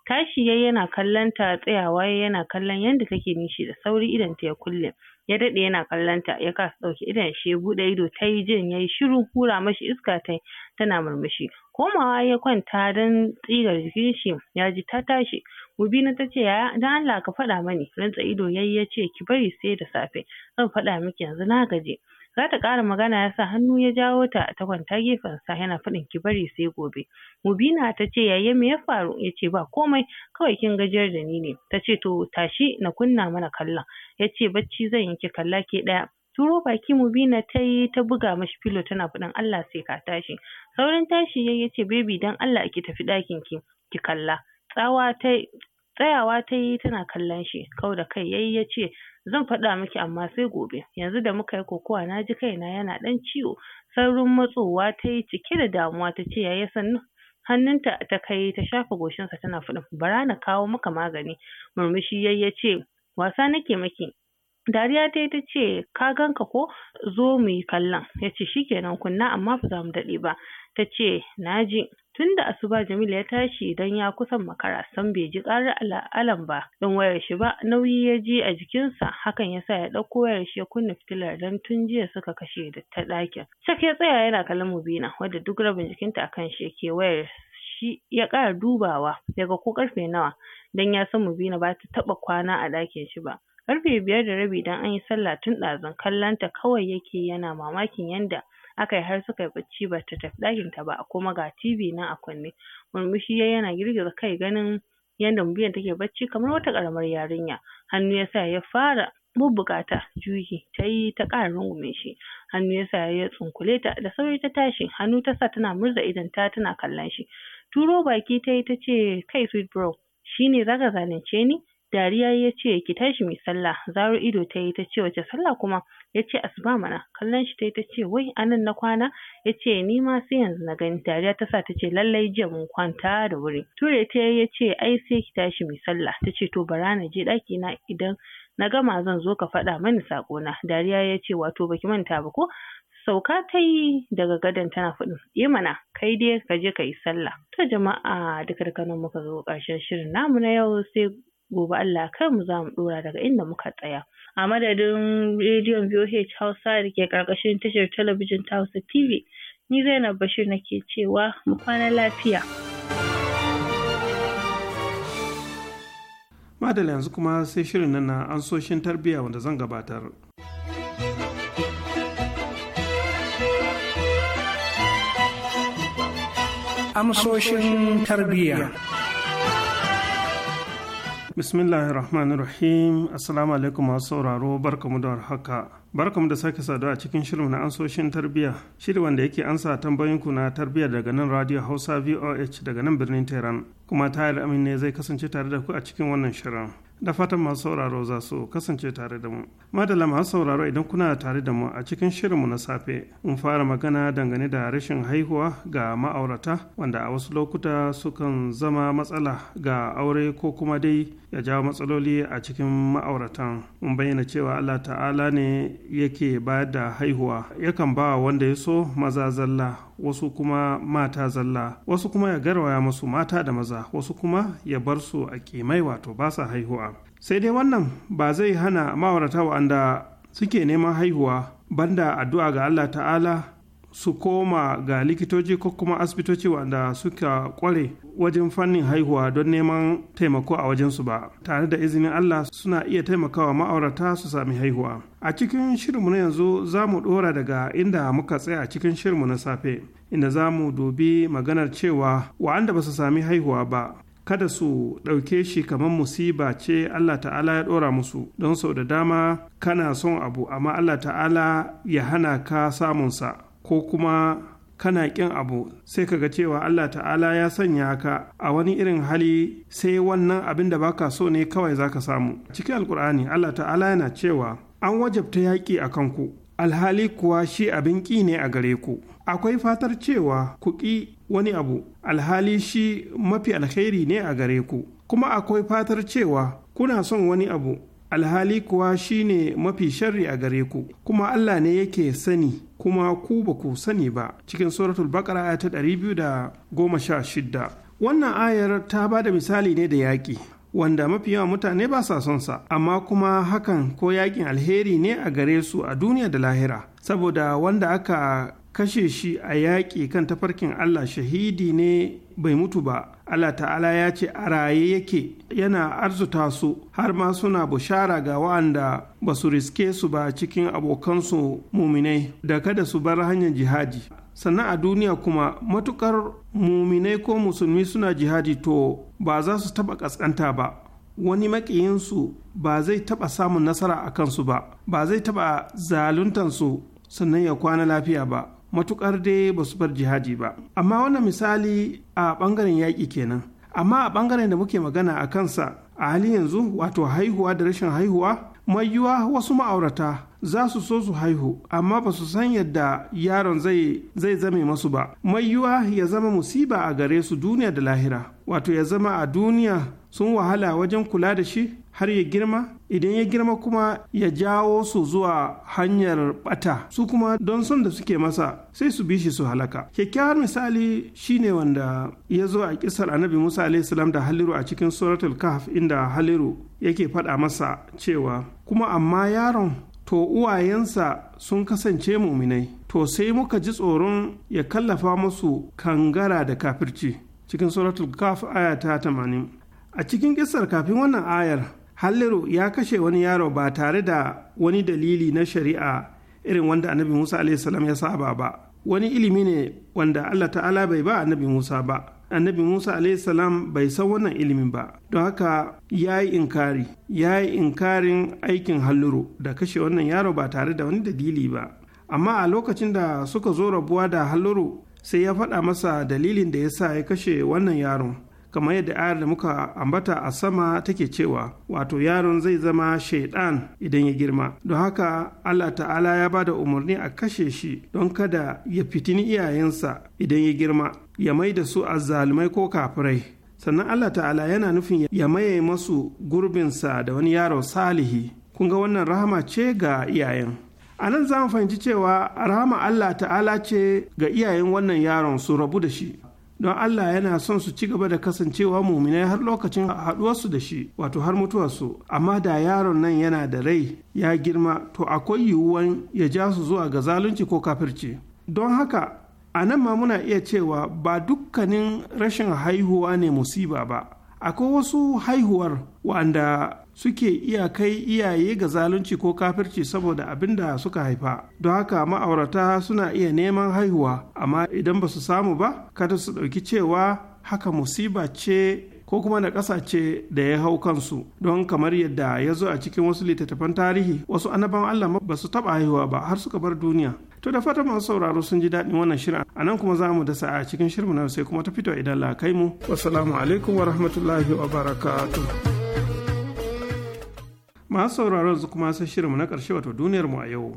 tashi yayi yana kallon ta tsayawa yana kallon yadda take nishi da sauri ta ya kulle ya daɗe yana kallon ta ya kasa ɗauke idan shi ya buɗe ido ta yi jin ya yi shiru hura mashi iska ta tana murmushi komawa ya kwanta don tsigar jikin shi ya ji ta tashi Mubina ta ce yaya dan Allah ka faɗa mani rantsa ido yayi ya ce ki bari sai da safe zan faɗa miki yanzu na gaji za ta ƙara magana ya sa hannu ya jawo ta ta kwanta gefensa yana faɗin ki bari sai gobe mubina ta ce yaya me ya faru ya ce ba komai kawai kin gajiyar da ni ne ta ce to tashi na kunna mana kallon ya ce bacci zan yi ki kalla ke ɗaya turo baki mubina ta yi ta buga mashi filo tana faɗin Allah sai ka tashi saurin tashi yayi yace baby dan Allah ki tafi ɗakin ki ki kalla tsawa ta tsayawa ta yi tana kallon shi kau da kai yayi ya ce zan faɗa miki amma sai gobe yanzu da muka yi kokowa na ji kaina yana ɗan ciwo saurin matsowa ta yi cike da damuwa ta ce yaya sannu hannunta ta kai ta shafa goshinsa tana faɗin bara na kawo maka magani murmushi yayi ya ce wasa nake maki dariya ta yi ta ce ka ganka ko zo mu yi kallon ya ce shikenan kunna amma ba za mu daɗe ba ta ce na ji Tun da asuba Jamilu ya tashi idan ya kusan makara san bai ji karar al'alan ba don wayar shi ba nauyi ya ji a jikinsa hakan ya sa ya ɗauko wayar shi ya kunna fitilar don tun jiya suka kashe da ta ɗakin. Cak ya tsaya yana kallon Mubina wadda duk rabin jikinta akan shi yake wayar shi ya ƙara dubawa daga ko karfe nawa don ya san Mubina ba ta taɓa kwana a ɗakin shi ba. karfe biyar da rabi don an yi sallah tun ɗazun ta kawai yake yana mamakin yanda akai har suka yi bacci ba ta tafi ɗakin ta ba kuma ga TV nan a kunne murmushi yayi yana girgiza kai ganin yadda Mubiyan take bacci kamar wata ƙaramar yarinya hannu ya sa ya fara bubbuga ta juyi ta yi ta ƙara rungume shi hannu ya sa ya tsunkule ta da sauri ta tashi hannu ta sa tana murza idon ta tana kallon shi turo baki ta yi ta ce kai sweet bro shine zaka zalunce ni dariya ya ce ki tashi mai sallah zaro ido ta yi ta ce wace sallah kuma ya ce asuba mana kallon shi ta yi ta ce wai anan na kwana ya ce ni ma sai yanzu na gani dariya ta sa ta ce lallai jiya mun kwanta da wuri ture ta yi ya ce ai sai ki tashi mai sallah ta ce to bara na je ɗaki na idan na gama zan zo ka faɗa mani na dariya ya ce wato baki manta ba ko sauka ta yi daga gadon tana faɗin yi mana kai dai ka je ka yi sallah to jama'a duka duka nan muka zo ƙarshen shirin namu na yau sai gobe Allah kanmu mu za mu ɗora daga inda muka tsaya. A madadin rediyon VOH Hausa da ke ƙarƙashin tashar talabijin ta Hausa TV, ni Zainab Bashir nake cewa mu kwana lafiya. Madalla yanzu kuma sai shirin nan na ansoshin tarbiyya wanda zan gabatar. Amsoshin tarbiyya. bismillahir rahmanir rahim assalamu alaikum masu sauraro barkamu da warhaka barkamu da sake saduwa a cikin shirin na ansoshin tarbiyya shirin wanda yake ansa tambayoyinku na tarbiyya daga nan radio hausa voh daga nan birnin tehran kuma tayar amin ne zai kasance tare da ku a cikin wannan shirin da fatan masu sauraro za su kasance tare da mu. Madalla masu sauraro idan kuna tare da mu a cikin shirinmu na safe mun fara magana dangane da rashin haihuwa ga ma'aurata wanda a wasu lokuta sukan zama matsala ga aure ko kuma dai ya jawo matsaloli a cikin ma'auratan. Mun bayyana cewa Allah ta'ala ne yake bayar da haihuwa yakan ba wanda ya so maza zalla wasu kuma mata zalla wasu kuma ya garwaya masu mata da maza wasu kuma ya bar su a kimai wato ba sa haihuwa sai dai wannan ba zai hana ma'aurata wa'anda suke neman haihuwa banda addu'a ga Allah ta'ala su koma ga likitoci ko kuma asibitoci wanda suka kware wajen fannin haihuwa don neman taimako a wajensu ba tare da izinin Allah suna iya taimakawa ma'aurata su sami haihuwa a cikin shirinmu na yanzu za mu ɗora daga inda muka tsaya a cikin shirinmu na safe inda za mu dubi maganar cewa wa'anda ba su sami haihuwa ba kada su ɗauke shi kamar musiba ce Allah ta'ala ya ɗora musu don sau da dama kana son abu amma Allah ta'ala ya hana ka samunsa ko kuma kana ƙin abu sai ka ga cewa Allah ta'ala ya sanya ka a wani irin hali sai wannan abin da baka so ne kawai za ka samu cikin alkur'ani Allah ta'ala yana cewa an wajabta yaƙi a kanku alhali kuwa shi abin ƙi ne a gare ku akwai fatar cewa ku ƙi wani abu alhali shi mafi alkhairi ne a gare ku kuma akwai fatar cewa kuna son wani abu alhali kuwa shine mafi sharri a gare ku kuma Allah ne yake sani kuma ku ba ku sani ba cikin suratul baqara aya ta 216 wannan ayar ta ba da misali ne da yaƙi wanda mafi yawan mutane ba sa son sa amma kuma hakan ko yaƙin alheri ne a gare su a duniya da lahira saboda wanda aka kashe shi a yaƙi kan tafarkin Allah shahidi ne bai mutu ba Allah ta'ala ya ce a raye yake yana arzuta su har ma suna bushara ga wa'anda ba su riske su ba cikin abokansu muminai da kada su bar hanyar jihadi sannan a duniya kuma matukar muminai ko musulmi suna jihadi to ba za su taba kaskanta ba wani maƙiyinsu ba zai taba samun nasara a kansu ba ba zai taba zaluntansu sannan ya kwana lafiya ba matukar dai ba su bar jihadi ba amma wannan misali a bangaren yaƙi kenan amma a bangaren da muke magana a kansa a halin yanzu wato haihuwa da rashin haihuwa mai wasu ma'aurata za su so su haihu amma ba su san yadda yaron zai zai zame masu ba mai yiwuwa ya zama musiba a gare su duniya da lahira wato ya zama a duniya sun wahala wajen kula da shi har ya girma idan ya girma kuma ya jawo su zuwa hanyar bata su kuma don son da suke masa sai su bi shi su halaka kyakkyawar misali shine wanda ya zo a kisar annabi musa alaihissalam da haliru a cikin suratul kahf inda haliru yake faɗa masa cewa kuma amma yaron to uwayensa sun kasance muminai to sai muka ji tsoron ya kallafa musu kangara da kafirci cikin suratul kaf aya ta tamanin. a cikin kisar kafin wannan ayar halliru ya kashe wani yaro ba tare da wani dalili na shari'a irin wanda annabi musa a.s. ya saba ba wani ilimi ne wanda allah ta'ala bai ba annabi musa ba annabi musa salam bai san wannan ilimin ba don haka ya yi inkari ya yi inkarin aikin halluru da kashe wannan yaro ba tare da wani dalili ba amma a lokacin da suka zo rabuwa da halluru sai ya faɗa masa dalilin da ya sa ya kashe wannan yaron kamar yadda ayar da muka ambata a sama take cewa wato yaron zai zama shaidan idan ya girma don haka allah ta'ala ya bada da umarni a kashe shi don kada ya fitini iyayensa idan ya girma ya mai da su azzalumai ko kafirai sannan Allah ta'ala yana nufin ya maye masu gurbinsa da wani yaro salihi kun ga wannan rahama ce ga iyayen a nan za mu fahimci cewa rahama Allah ta'ala ce ga iyayen wannan yaron su rabu da shi don Allah yana son su ci gaba da kasancewa muminai har lokacin haɗuwarsu da shi wato har mutuwarsu amma da yaron nan yana da rai ya girma to akwai yiwuwan ya ja su zuwa ga zalunci ko kafirci don haka a nan ma muna iya cewa ba dukkanin rashin haihuwa ne musiba ba akwai wasu haihuwar wanda suke iya kai iyaye ga zalunci ko kafirci saboda abin da suka haifa don haka ma'aurata suna iya neman haihuwa amma idan ba su samu ba kada su ɗauki cewa haka musiba ce ko kuma na ƙasa ce da ya hau kansu don kamar yadda ya zo a cikin wasu littattafan tarihi wasu annaban Allah ba su taɓa haihuwa ba har suka bar duniya to da fata masu sauraro sun ji daɗin wannan shirin a nan kuma za mu da sa'a cikin shirin na sai kuma ta fito idan la kai mu wassalamu alaikum wa rahmatullahi wa barakatu. masu sauraro kuma sai shirin na ƙarshe wato duniyar mu a yau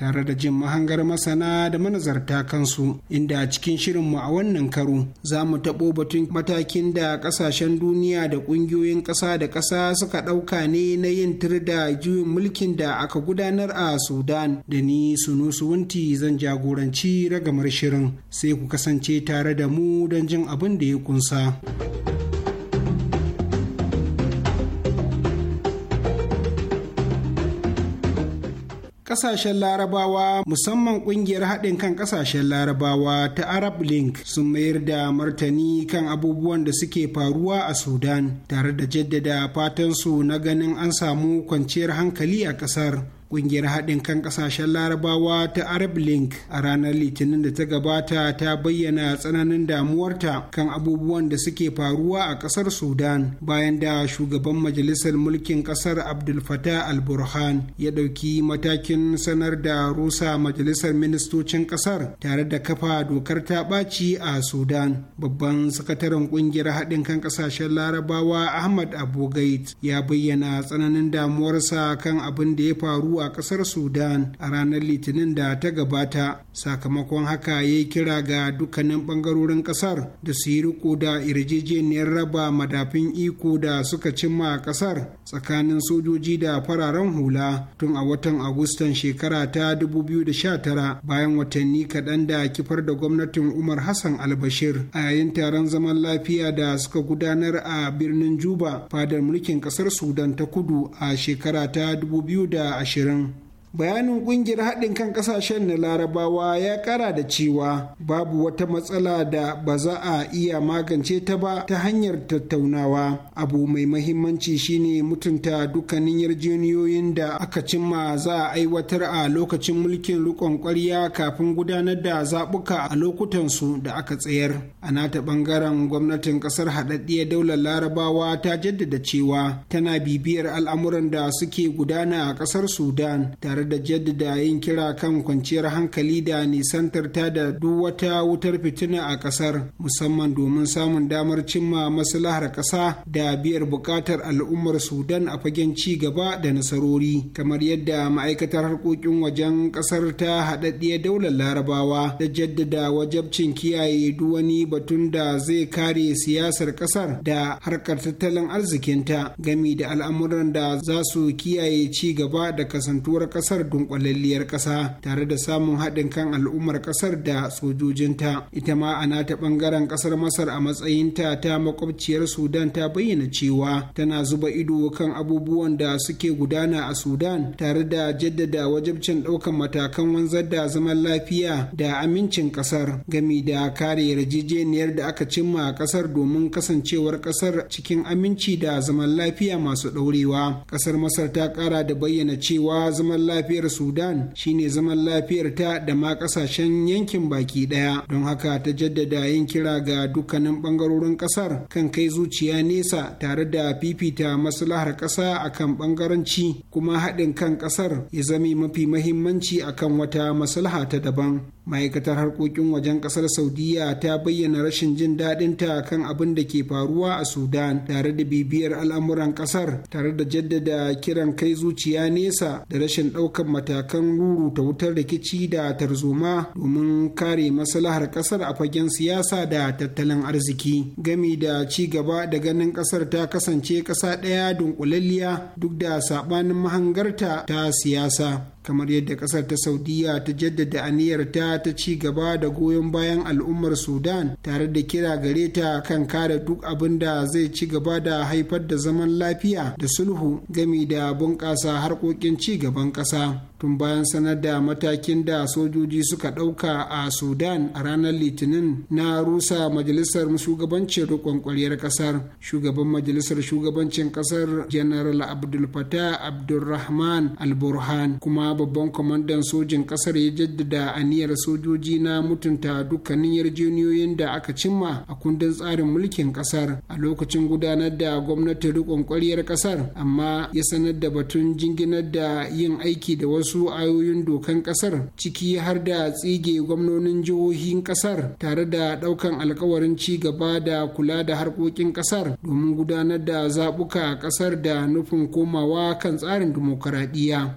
tare da jin mahangar masana da manazarta kansu inda a cikin shirinmu a wannan karo za mu taɓo batun matakin da ƙasashen duniya da ƙungiyoyin ƙasa da ƙasa suka ɗauka ne na yin tir da juyin mulkin da aka gudanar a sudan da ni sunusu wunti zan jagoranci ragamar shirin sai ku kasance tare da mu don jin abin da ya kunsa. Ƙasashen larabawa musamman ƙungiyar haɗin kan ƙasashen larabawa ta Arab Link sun mayar da martani kan abubuwan da suke faruwa a Sudan tare da jaddada fatansu na ganin an samu kwanciyar hankali a ƙasar. kungiyar haɗin kan ƙasashen larabawa ta arab link a ranar litinin da ta gabata ta bayyana tsananin damuwarta kan abubuwan da suke faruwa a ƙasar sudan bayan da shugaban majalisar mulkin ƙasar abdul fatah al-burhan ya ɗauki matakin sanar da rusa majalisar ministocin ƙasar tare da kafa dokar ta ɓaci a sudan babban sakataren kungiyar haɗin kan ƙasashen larabawa ahmad abu ya bayyana tsananin damuwarsa kan abin da ya faru a kasar sudan a ranar litinin da ta gabata sakamakon haka ya yi kira ga dukkanin bangarorin kasar da su yi riko da yarjejeniyar raba madafin iko da suka cimma a kasar tsakanin sojoji da fararen hula tun a watan agustan shekara ta 2019 bayan watanni kaɗan da kifar da gwamnatin umar hassan albashir a yayin taron zaman lafiya da suka gudanar a birnin juba fadar mulkin kasar sudan ta kudu a shekara ta 2020 Instagram. bayanin kungiyar haɗin kan ƙasashen na larabawa ya ƙara da cewa babu wata matsala da ba za a iya magance ta ba ta hanyar tattaunawa abu mai mahimmanci shine mutunta dukkanin yarjeniyoyin da aka cimma za a aiwatar a lokacin mulkin riƙon ƙwarya kafin gudanar da zaɓuka a lokutansu da aka tsayar a nata ɓangaren gwamnatin ƙasar haɗaɗɗiyar daular larabawa ta jaddada cewa tana bibiyar al'amuran da suke gudana a ƙasar sudan tare tare da jaddada yin kira kan kwanciyar hankali da nisantar ta da duk wata wutar fitina a ƙasar musamman domin samun damar cimma maslahar ƙasa da biyar buƙatar al'ummar sudan a fagen ci gaba da nasarori kamar yadda ma'aikatar harkokin wajen ƙasar ta haɗaɗɗiya daular larabawa da jaddada wajabcin kiyaye duk wani batun da zai kare siyasar ƙasar da harkar tattalin arzikinta gami da al'amuran da za su kiyaye ci gaba da kasantuwar kasar kasar dunkwalalliyar ƙasa tare da samun haɗin kan al'ummar ƙasar da sojojinta ita ma a nata ɓangaren ƙasar masar a matsayinta ta makwabciyar sudan ta bayyana cewa tana zuba ido kan abubuwan da suke gudana a sudan tare da jaddada wajibcin ɗaukan matakan wanzar da zaman lafiya da amincin ƙasar gami da kare yarjejeniyar da aka cimma a ƙasar domin kasancewar ƙasar cikin aminci da zaman lafiya masu ɗaurewa ƙasar masar ta ƙara da bayyana cewa zaman lafiya lafiyar sudan shine zaman lafiyarta da ma kasashen yankin baki daya don haka ta jaddada yin kira ga dukkanin bangarorin kasar kan kai zuciya nesa tare da fifita maslahar kasa akan bangaranci kuma haɗin kan kasar ya zame mafi mahimmanci akan wata maslaha ta daban ma'aikatar harkokin wajen kasar saudiya ta bayyana rashin jin daɗin ta kan abin da ke faruwa a sudan tare da bibiyar al'amuran kasar tare da jaddada kiran kai zuciya nesa da rashin ɗaukar matakan ruru ta wutar rikici da tarzoma domin kare maslahar kasar a fagen siyasa da tattalin arziki gami da ci gaba da ganin kasar ta kasance ƙasa ɗaya dunkulalliya duk da saɓanin mahangarta ta siyasa kamar yadda kasar ta saudiya ta jaddada aniyarta ta ci gaba da goyon bayan al'ummar sudan tare da kira gare ta kan kare duk abin da zai ci gaba da haifar da zaman lafiya da sulhu gami da bunƙasa harkokin ci gaban ƙasa tun bayan sanar da matakin da sojoji suka ɗauka a sudan a ranar litinin na rusa majalisar shugabancin rikon kwaryar ƙasar shugaban majalisar shugabancin Kasar general abdul fatah abdulrahman al kuma babban kwamandan sojin ƙasar ya jaddada aniyar sojoji na mutunta dukkanin yarjeniyoyin da aka cimma a kundin tsarin mulkin ƙasar a lokacin gudanar da gwamnati rikon kwaryar ƙasar amma ya sanar da batun jinginar da yin aiki da wasu wasu ayoyin dokan kasar ciki har da tsige gwamnonin jihohin kasar tare da daukan alkawarin ci gaba da kula da harkokin kasar domin gudanar da zabuka kasar da nufin komawa kan tsarin dimokuraɗiyya.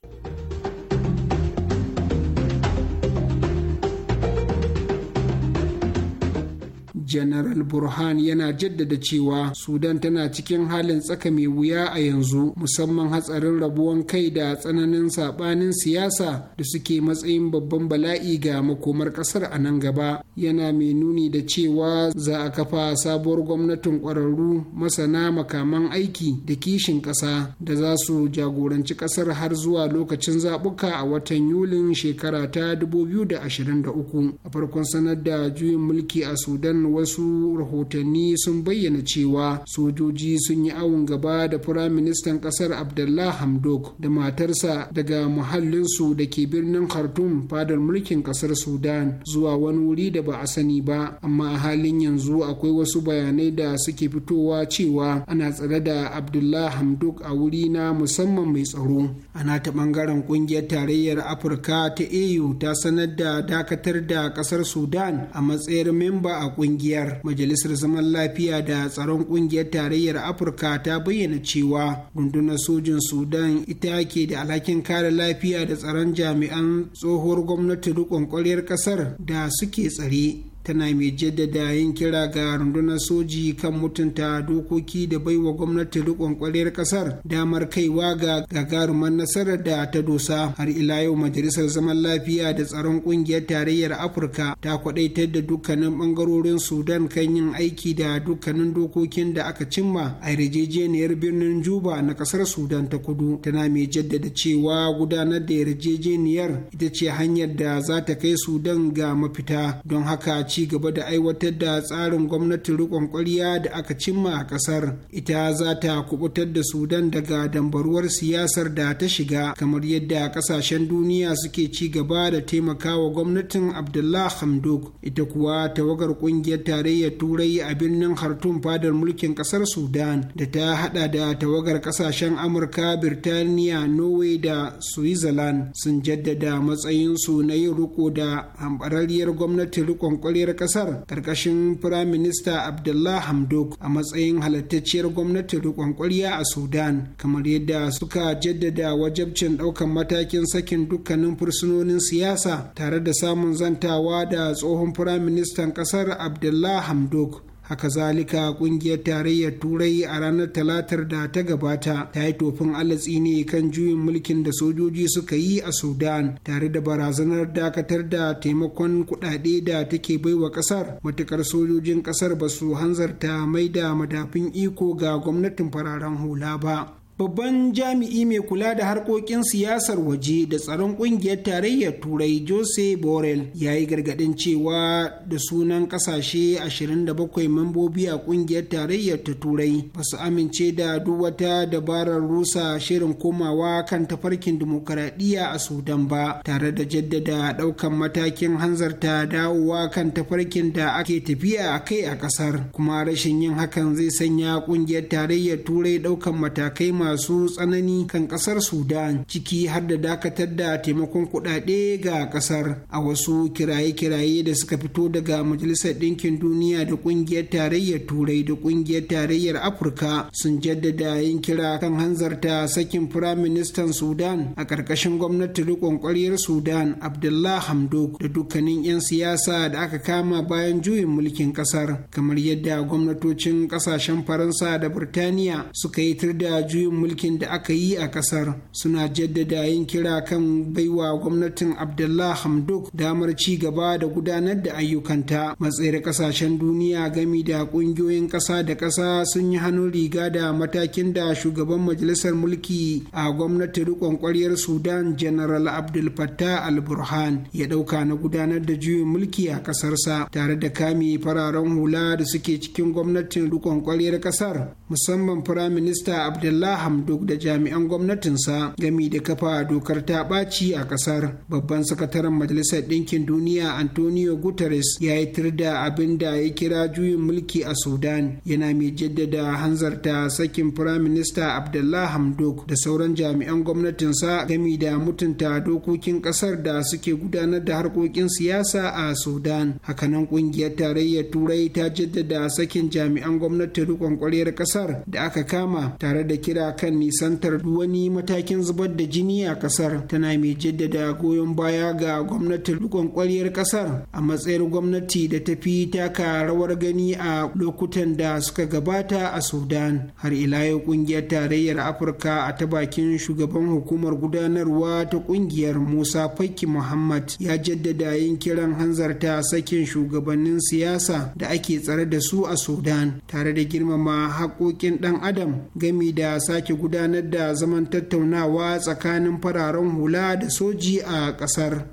General Burhan yana jaddada cewa Sudan tana cikin halin tsaka mai wuya a yanzu musamman hatsarin rabuwan kai da tsananin sabanin siyasa da suke matsayin babban bala'i ga makomar kasar a nan gaba yana mai nuni da cewa za a kafa sabuwar gwamnatin kwararru masana makaman aiki da kishin kasa da za su jagoranci kasar har zuwa lokacin zabuka a watan yulin shekara ta 2023 a farkon sanar da juyin mulki a sudan wasu rahotanni sun bayyana cewa sojoji sun yi awon gaba da firaministan ƙasar abdullah hamdok da matarsa daga muhallinsu da ke birnin khartoum fadar mulkin ƙasar sudan zuwa wani wuri da ba a sani ba amma a halin yanzu akwai wasu bayanai da suke fitowa cewa ana tsare da abdullah hamdok a wuri na musamman mai tsaro ana ta ɓangaren ƙungiyar tarayyar afirka ta au ta sanar da dakatar da ƙasar sudan a matsayin memba a ƙungiyar biyar majalisar zaman lafiya da tsaron kungiyar tarayyar afirka ta bayyana cewa rundunar sojin sudan ita ke da alhakin kare lafiya da tsaron jami'an tsohuwar gwamnati riƙon ƙwaryar ƙasar da suke tsare tana mai jaddada yin kira ga rundunar soji kan mutunta dokoki da baiwa gwamnati rikon kwaliyar kasar damar kaiwa ga gagarumar nasarar da ta dosa har ila yau majalisar zaman lafiya da tsaron kungiyar tarayyar afirka ta kwadaitar da dukkanin bangarorin sudan kan yin aiki da dukkanin dokokin da aka cimma a yarjejeniyar birnin juba na kasar sudan ta kudu tana mai jaddada cewa gudanar da yarjejeniyar ita ce hanyar da za ta kai sudan ga mafita don haka ci gaba da aiwatar da tsarin gwamnatin rikon kwariya da aka cimma a ƙasar ita za ta kubutar da sudan daga dambaruwar siyasar da ta shiga kamar yadda ƙasashen duniya suke ci gaba da taimakawa gwamnatin abdullah hamdok ita kuwa tawagar ƙungiyar tarayyar turai a birnin hartun fadar mulkin ƙasar sudan da ta hada da tawagar ƙasashen amurka birtaniya norway da switzerland sun jaddada matsayinsu na yin riko da hambarariyar gwamnatin rikon ƙwarya matsayar kasar karkashin firayim abdullah hamdok a matsayin halittacciyar gwamnati rikon kwarya a sudan kamar yadda suka jaddada wajabcin ɗaukan matakin sakin dukkanin fursunonin siyasa tare da samun zantawa da tsohon firayim ministan kasar abdullah hamdok a kazalika, kungiyar tarayyar turai a ranar talatar da ta gabata ta yi tofin alatsi ne kan juyin mulkin da sojoji suka yi a sudan tare da barazanar dakatar da taimakon kuɗaɗe da take baiwa ƙasar matukar sojojin ƙasar ba su hanzarta mai da madafin iko ga gwamnatin fararen hula ba Babban jami'i mai kula da harkokin siyasar waje da tsaron kungiyar tarayyar Turai Jose Borrell ya yi gargaɗin cewa da sunan ƙasashe 27 mambobi a kungiyar tarayyar ta Turai ba su amince da duk wata dabarar rusa shirin komawa kan tafarkin dimokuraɗiyya a Sudan ba tare da jaddada ɗaukan matakin hanzarta dawowa kan tafarkin da ake tafiya a kai a ƙasar kuma rashin yin hakan zai sanya kungiyar tarayyar Turai ɗaukan matakai masu tsanani kan kasar sudan ciki har da dakatar da taimakon kuɗaɗe ga kasar a wasu kiraye-kiraye da suka fito daga majalisar ɗinkin duniya da ƙungiyar tarayyar turai da ƙungiyar tarayyar afirka sun jaddada yin kira kan hanzarta sakin firaministan sudan a ƙarƙashin gwamnati riƙon ƙwaryar sudan abdullah hamdok da dukkanin 'yan siyasa da aka kama bayan juyin mulkin kasar kamar yadda gwamnatocin ƙasashen faransa da birtaniya suka yi tir da juyin juyin mulkin da aka yi a kasar suna jaddada yin kira kan baiwa gwamnatin abdullah hamduk damar ci gaba da gudanar da ayyukanta matsayar kasashen duniya gami da kungiyoyin kasa da kasa sun yi hannun riga da matakin da shugaban majalisar mulki a gwamnati rikon kwaryar sudan general abdul fattah al-burhan ya dauka na gudanar da juyin mulki a kasarsa tare da kame fararen hula da suke cikin gwamnatin rikon kwaryar kasar musamman firaminista abdullah duk da jami'an gwamnatinsa gami da kafa dokar ta ɓaci a ƙasar babban sakataren majalisar ɗinkin duniya antonio guterres ya yi da abin da ya kira juyin mulki a sudan yana mai jaddada hanzarta sakin firaminista abdullah hamdok da sauran jami'an gwamnatinsa gami da mutunta dokokin ƙasar da suke gudanar da harkokin siyasa a sudan hakanan ƙungiyar tarayyar turai ta jaddada sakin jami'an gwamnati riƙon ƙwaryar ƙasar da aka kama tare da kira kan nisantar wani matakin zubar da jini a kasar tana mai jaddada goyon baya ga gwamnatin rikon kwaryar kasar a matsayin gwamnati da ta fi taka rawar gani a lokutan da suka gabata a sudan har ila yau kungiyar tarayyar afirka a ta bakin shugaban hukumar gudanarwa ta kungiyar musa fakki muhammad ya jaddada yin kiran hanzarta sakin shugabannin siyasa da ake tsare da su a sudan tare da girmama haƙoƙin ɗan adam gami da sake sake gudanar da zaman tattaunawa tsakanin fararen hula da soji a ƙasar.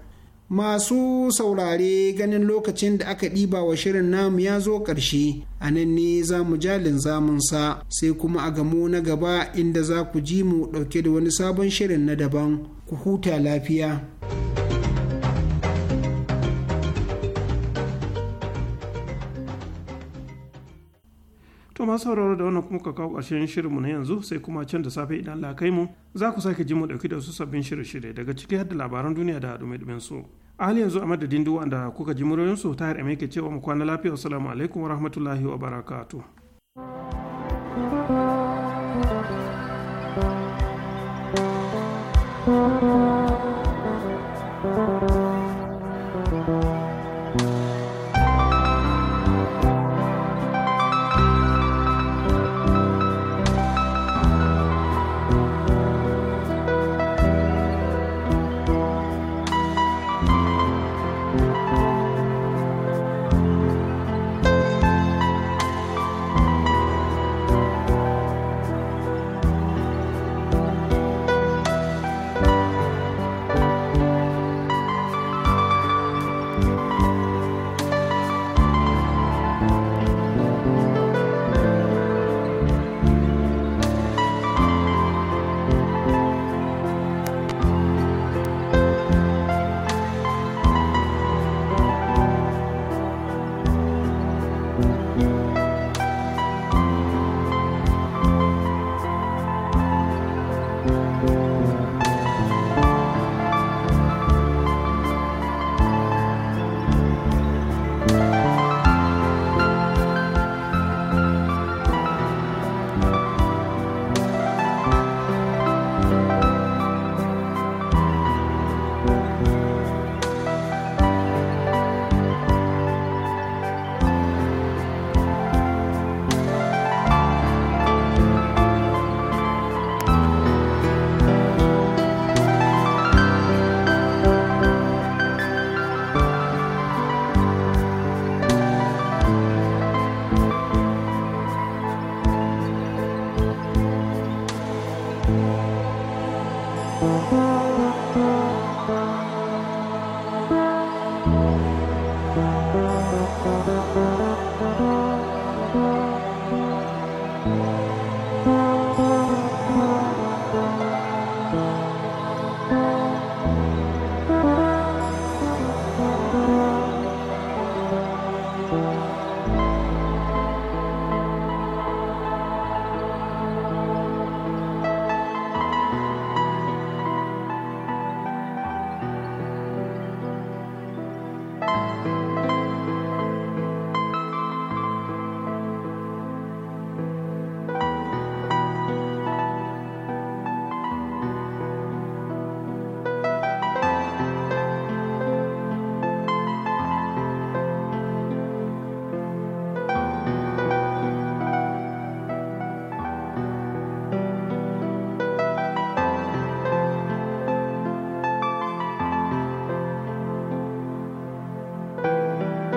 Masu saurare ganin lokacin da aka ɗiba wa shirin namu ya zo ƙarshe, a nan ne za mu jalin zamunsa sai kuma a gamo na gaba inda za ku ji mu ɗauke da wani sabon shirin na daban, ku huta lafiya. masu sauraro da wannan kuma ka kawo ƙarshen shirinmu na yanzu sai kuma can da safe idan Allah kai mu za ku sake ji mu ɗauki da su sabbin shirye-shirye daga ciki har da labaran duniya da dumi-dumin su. A hali yanzu a madadin duk wanda kuka ji muroyin su ta har ke cewa mu kwana lafiya wasu alaikum wa rahmatullahi wa barakatu.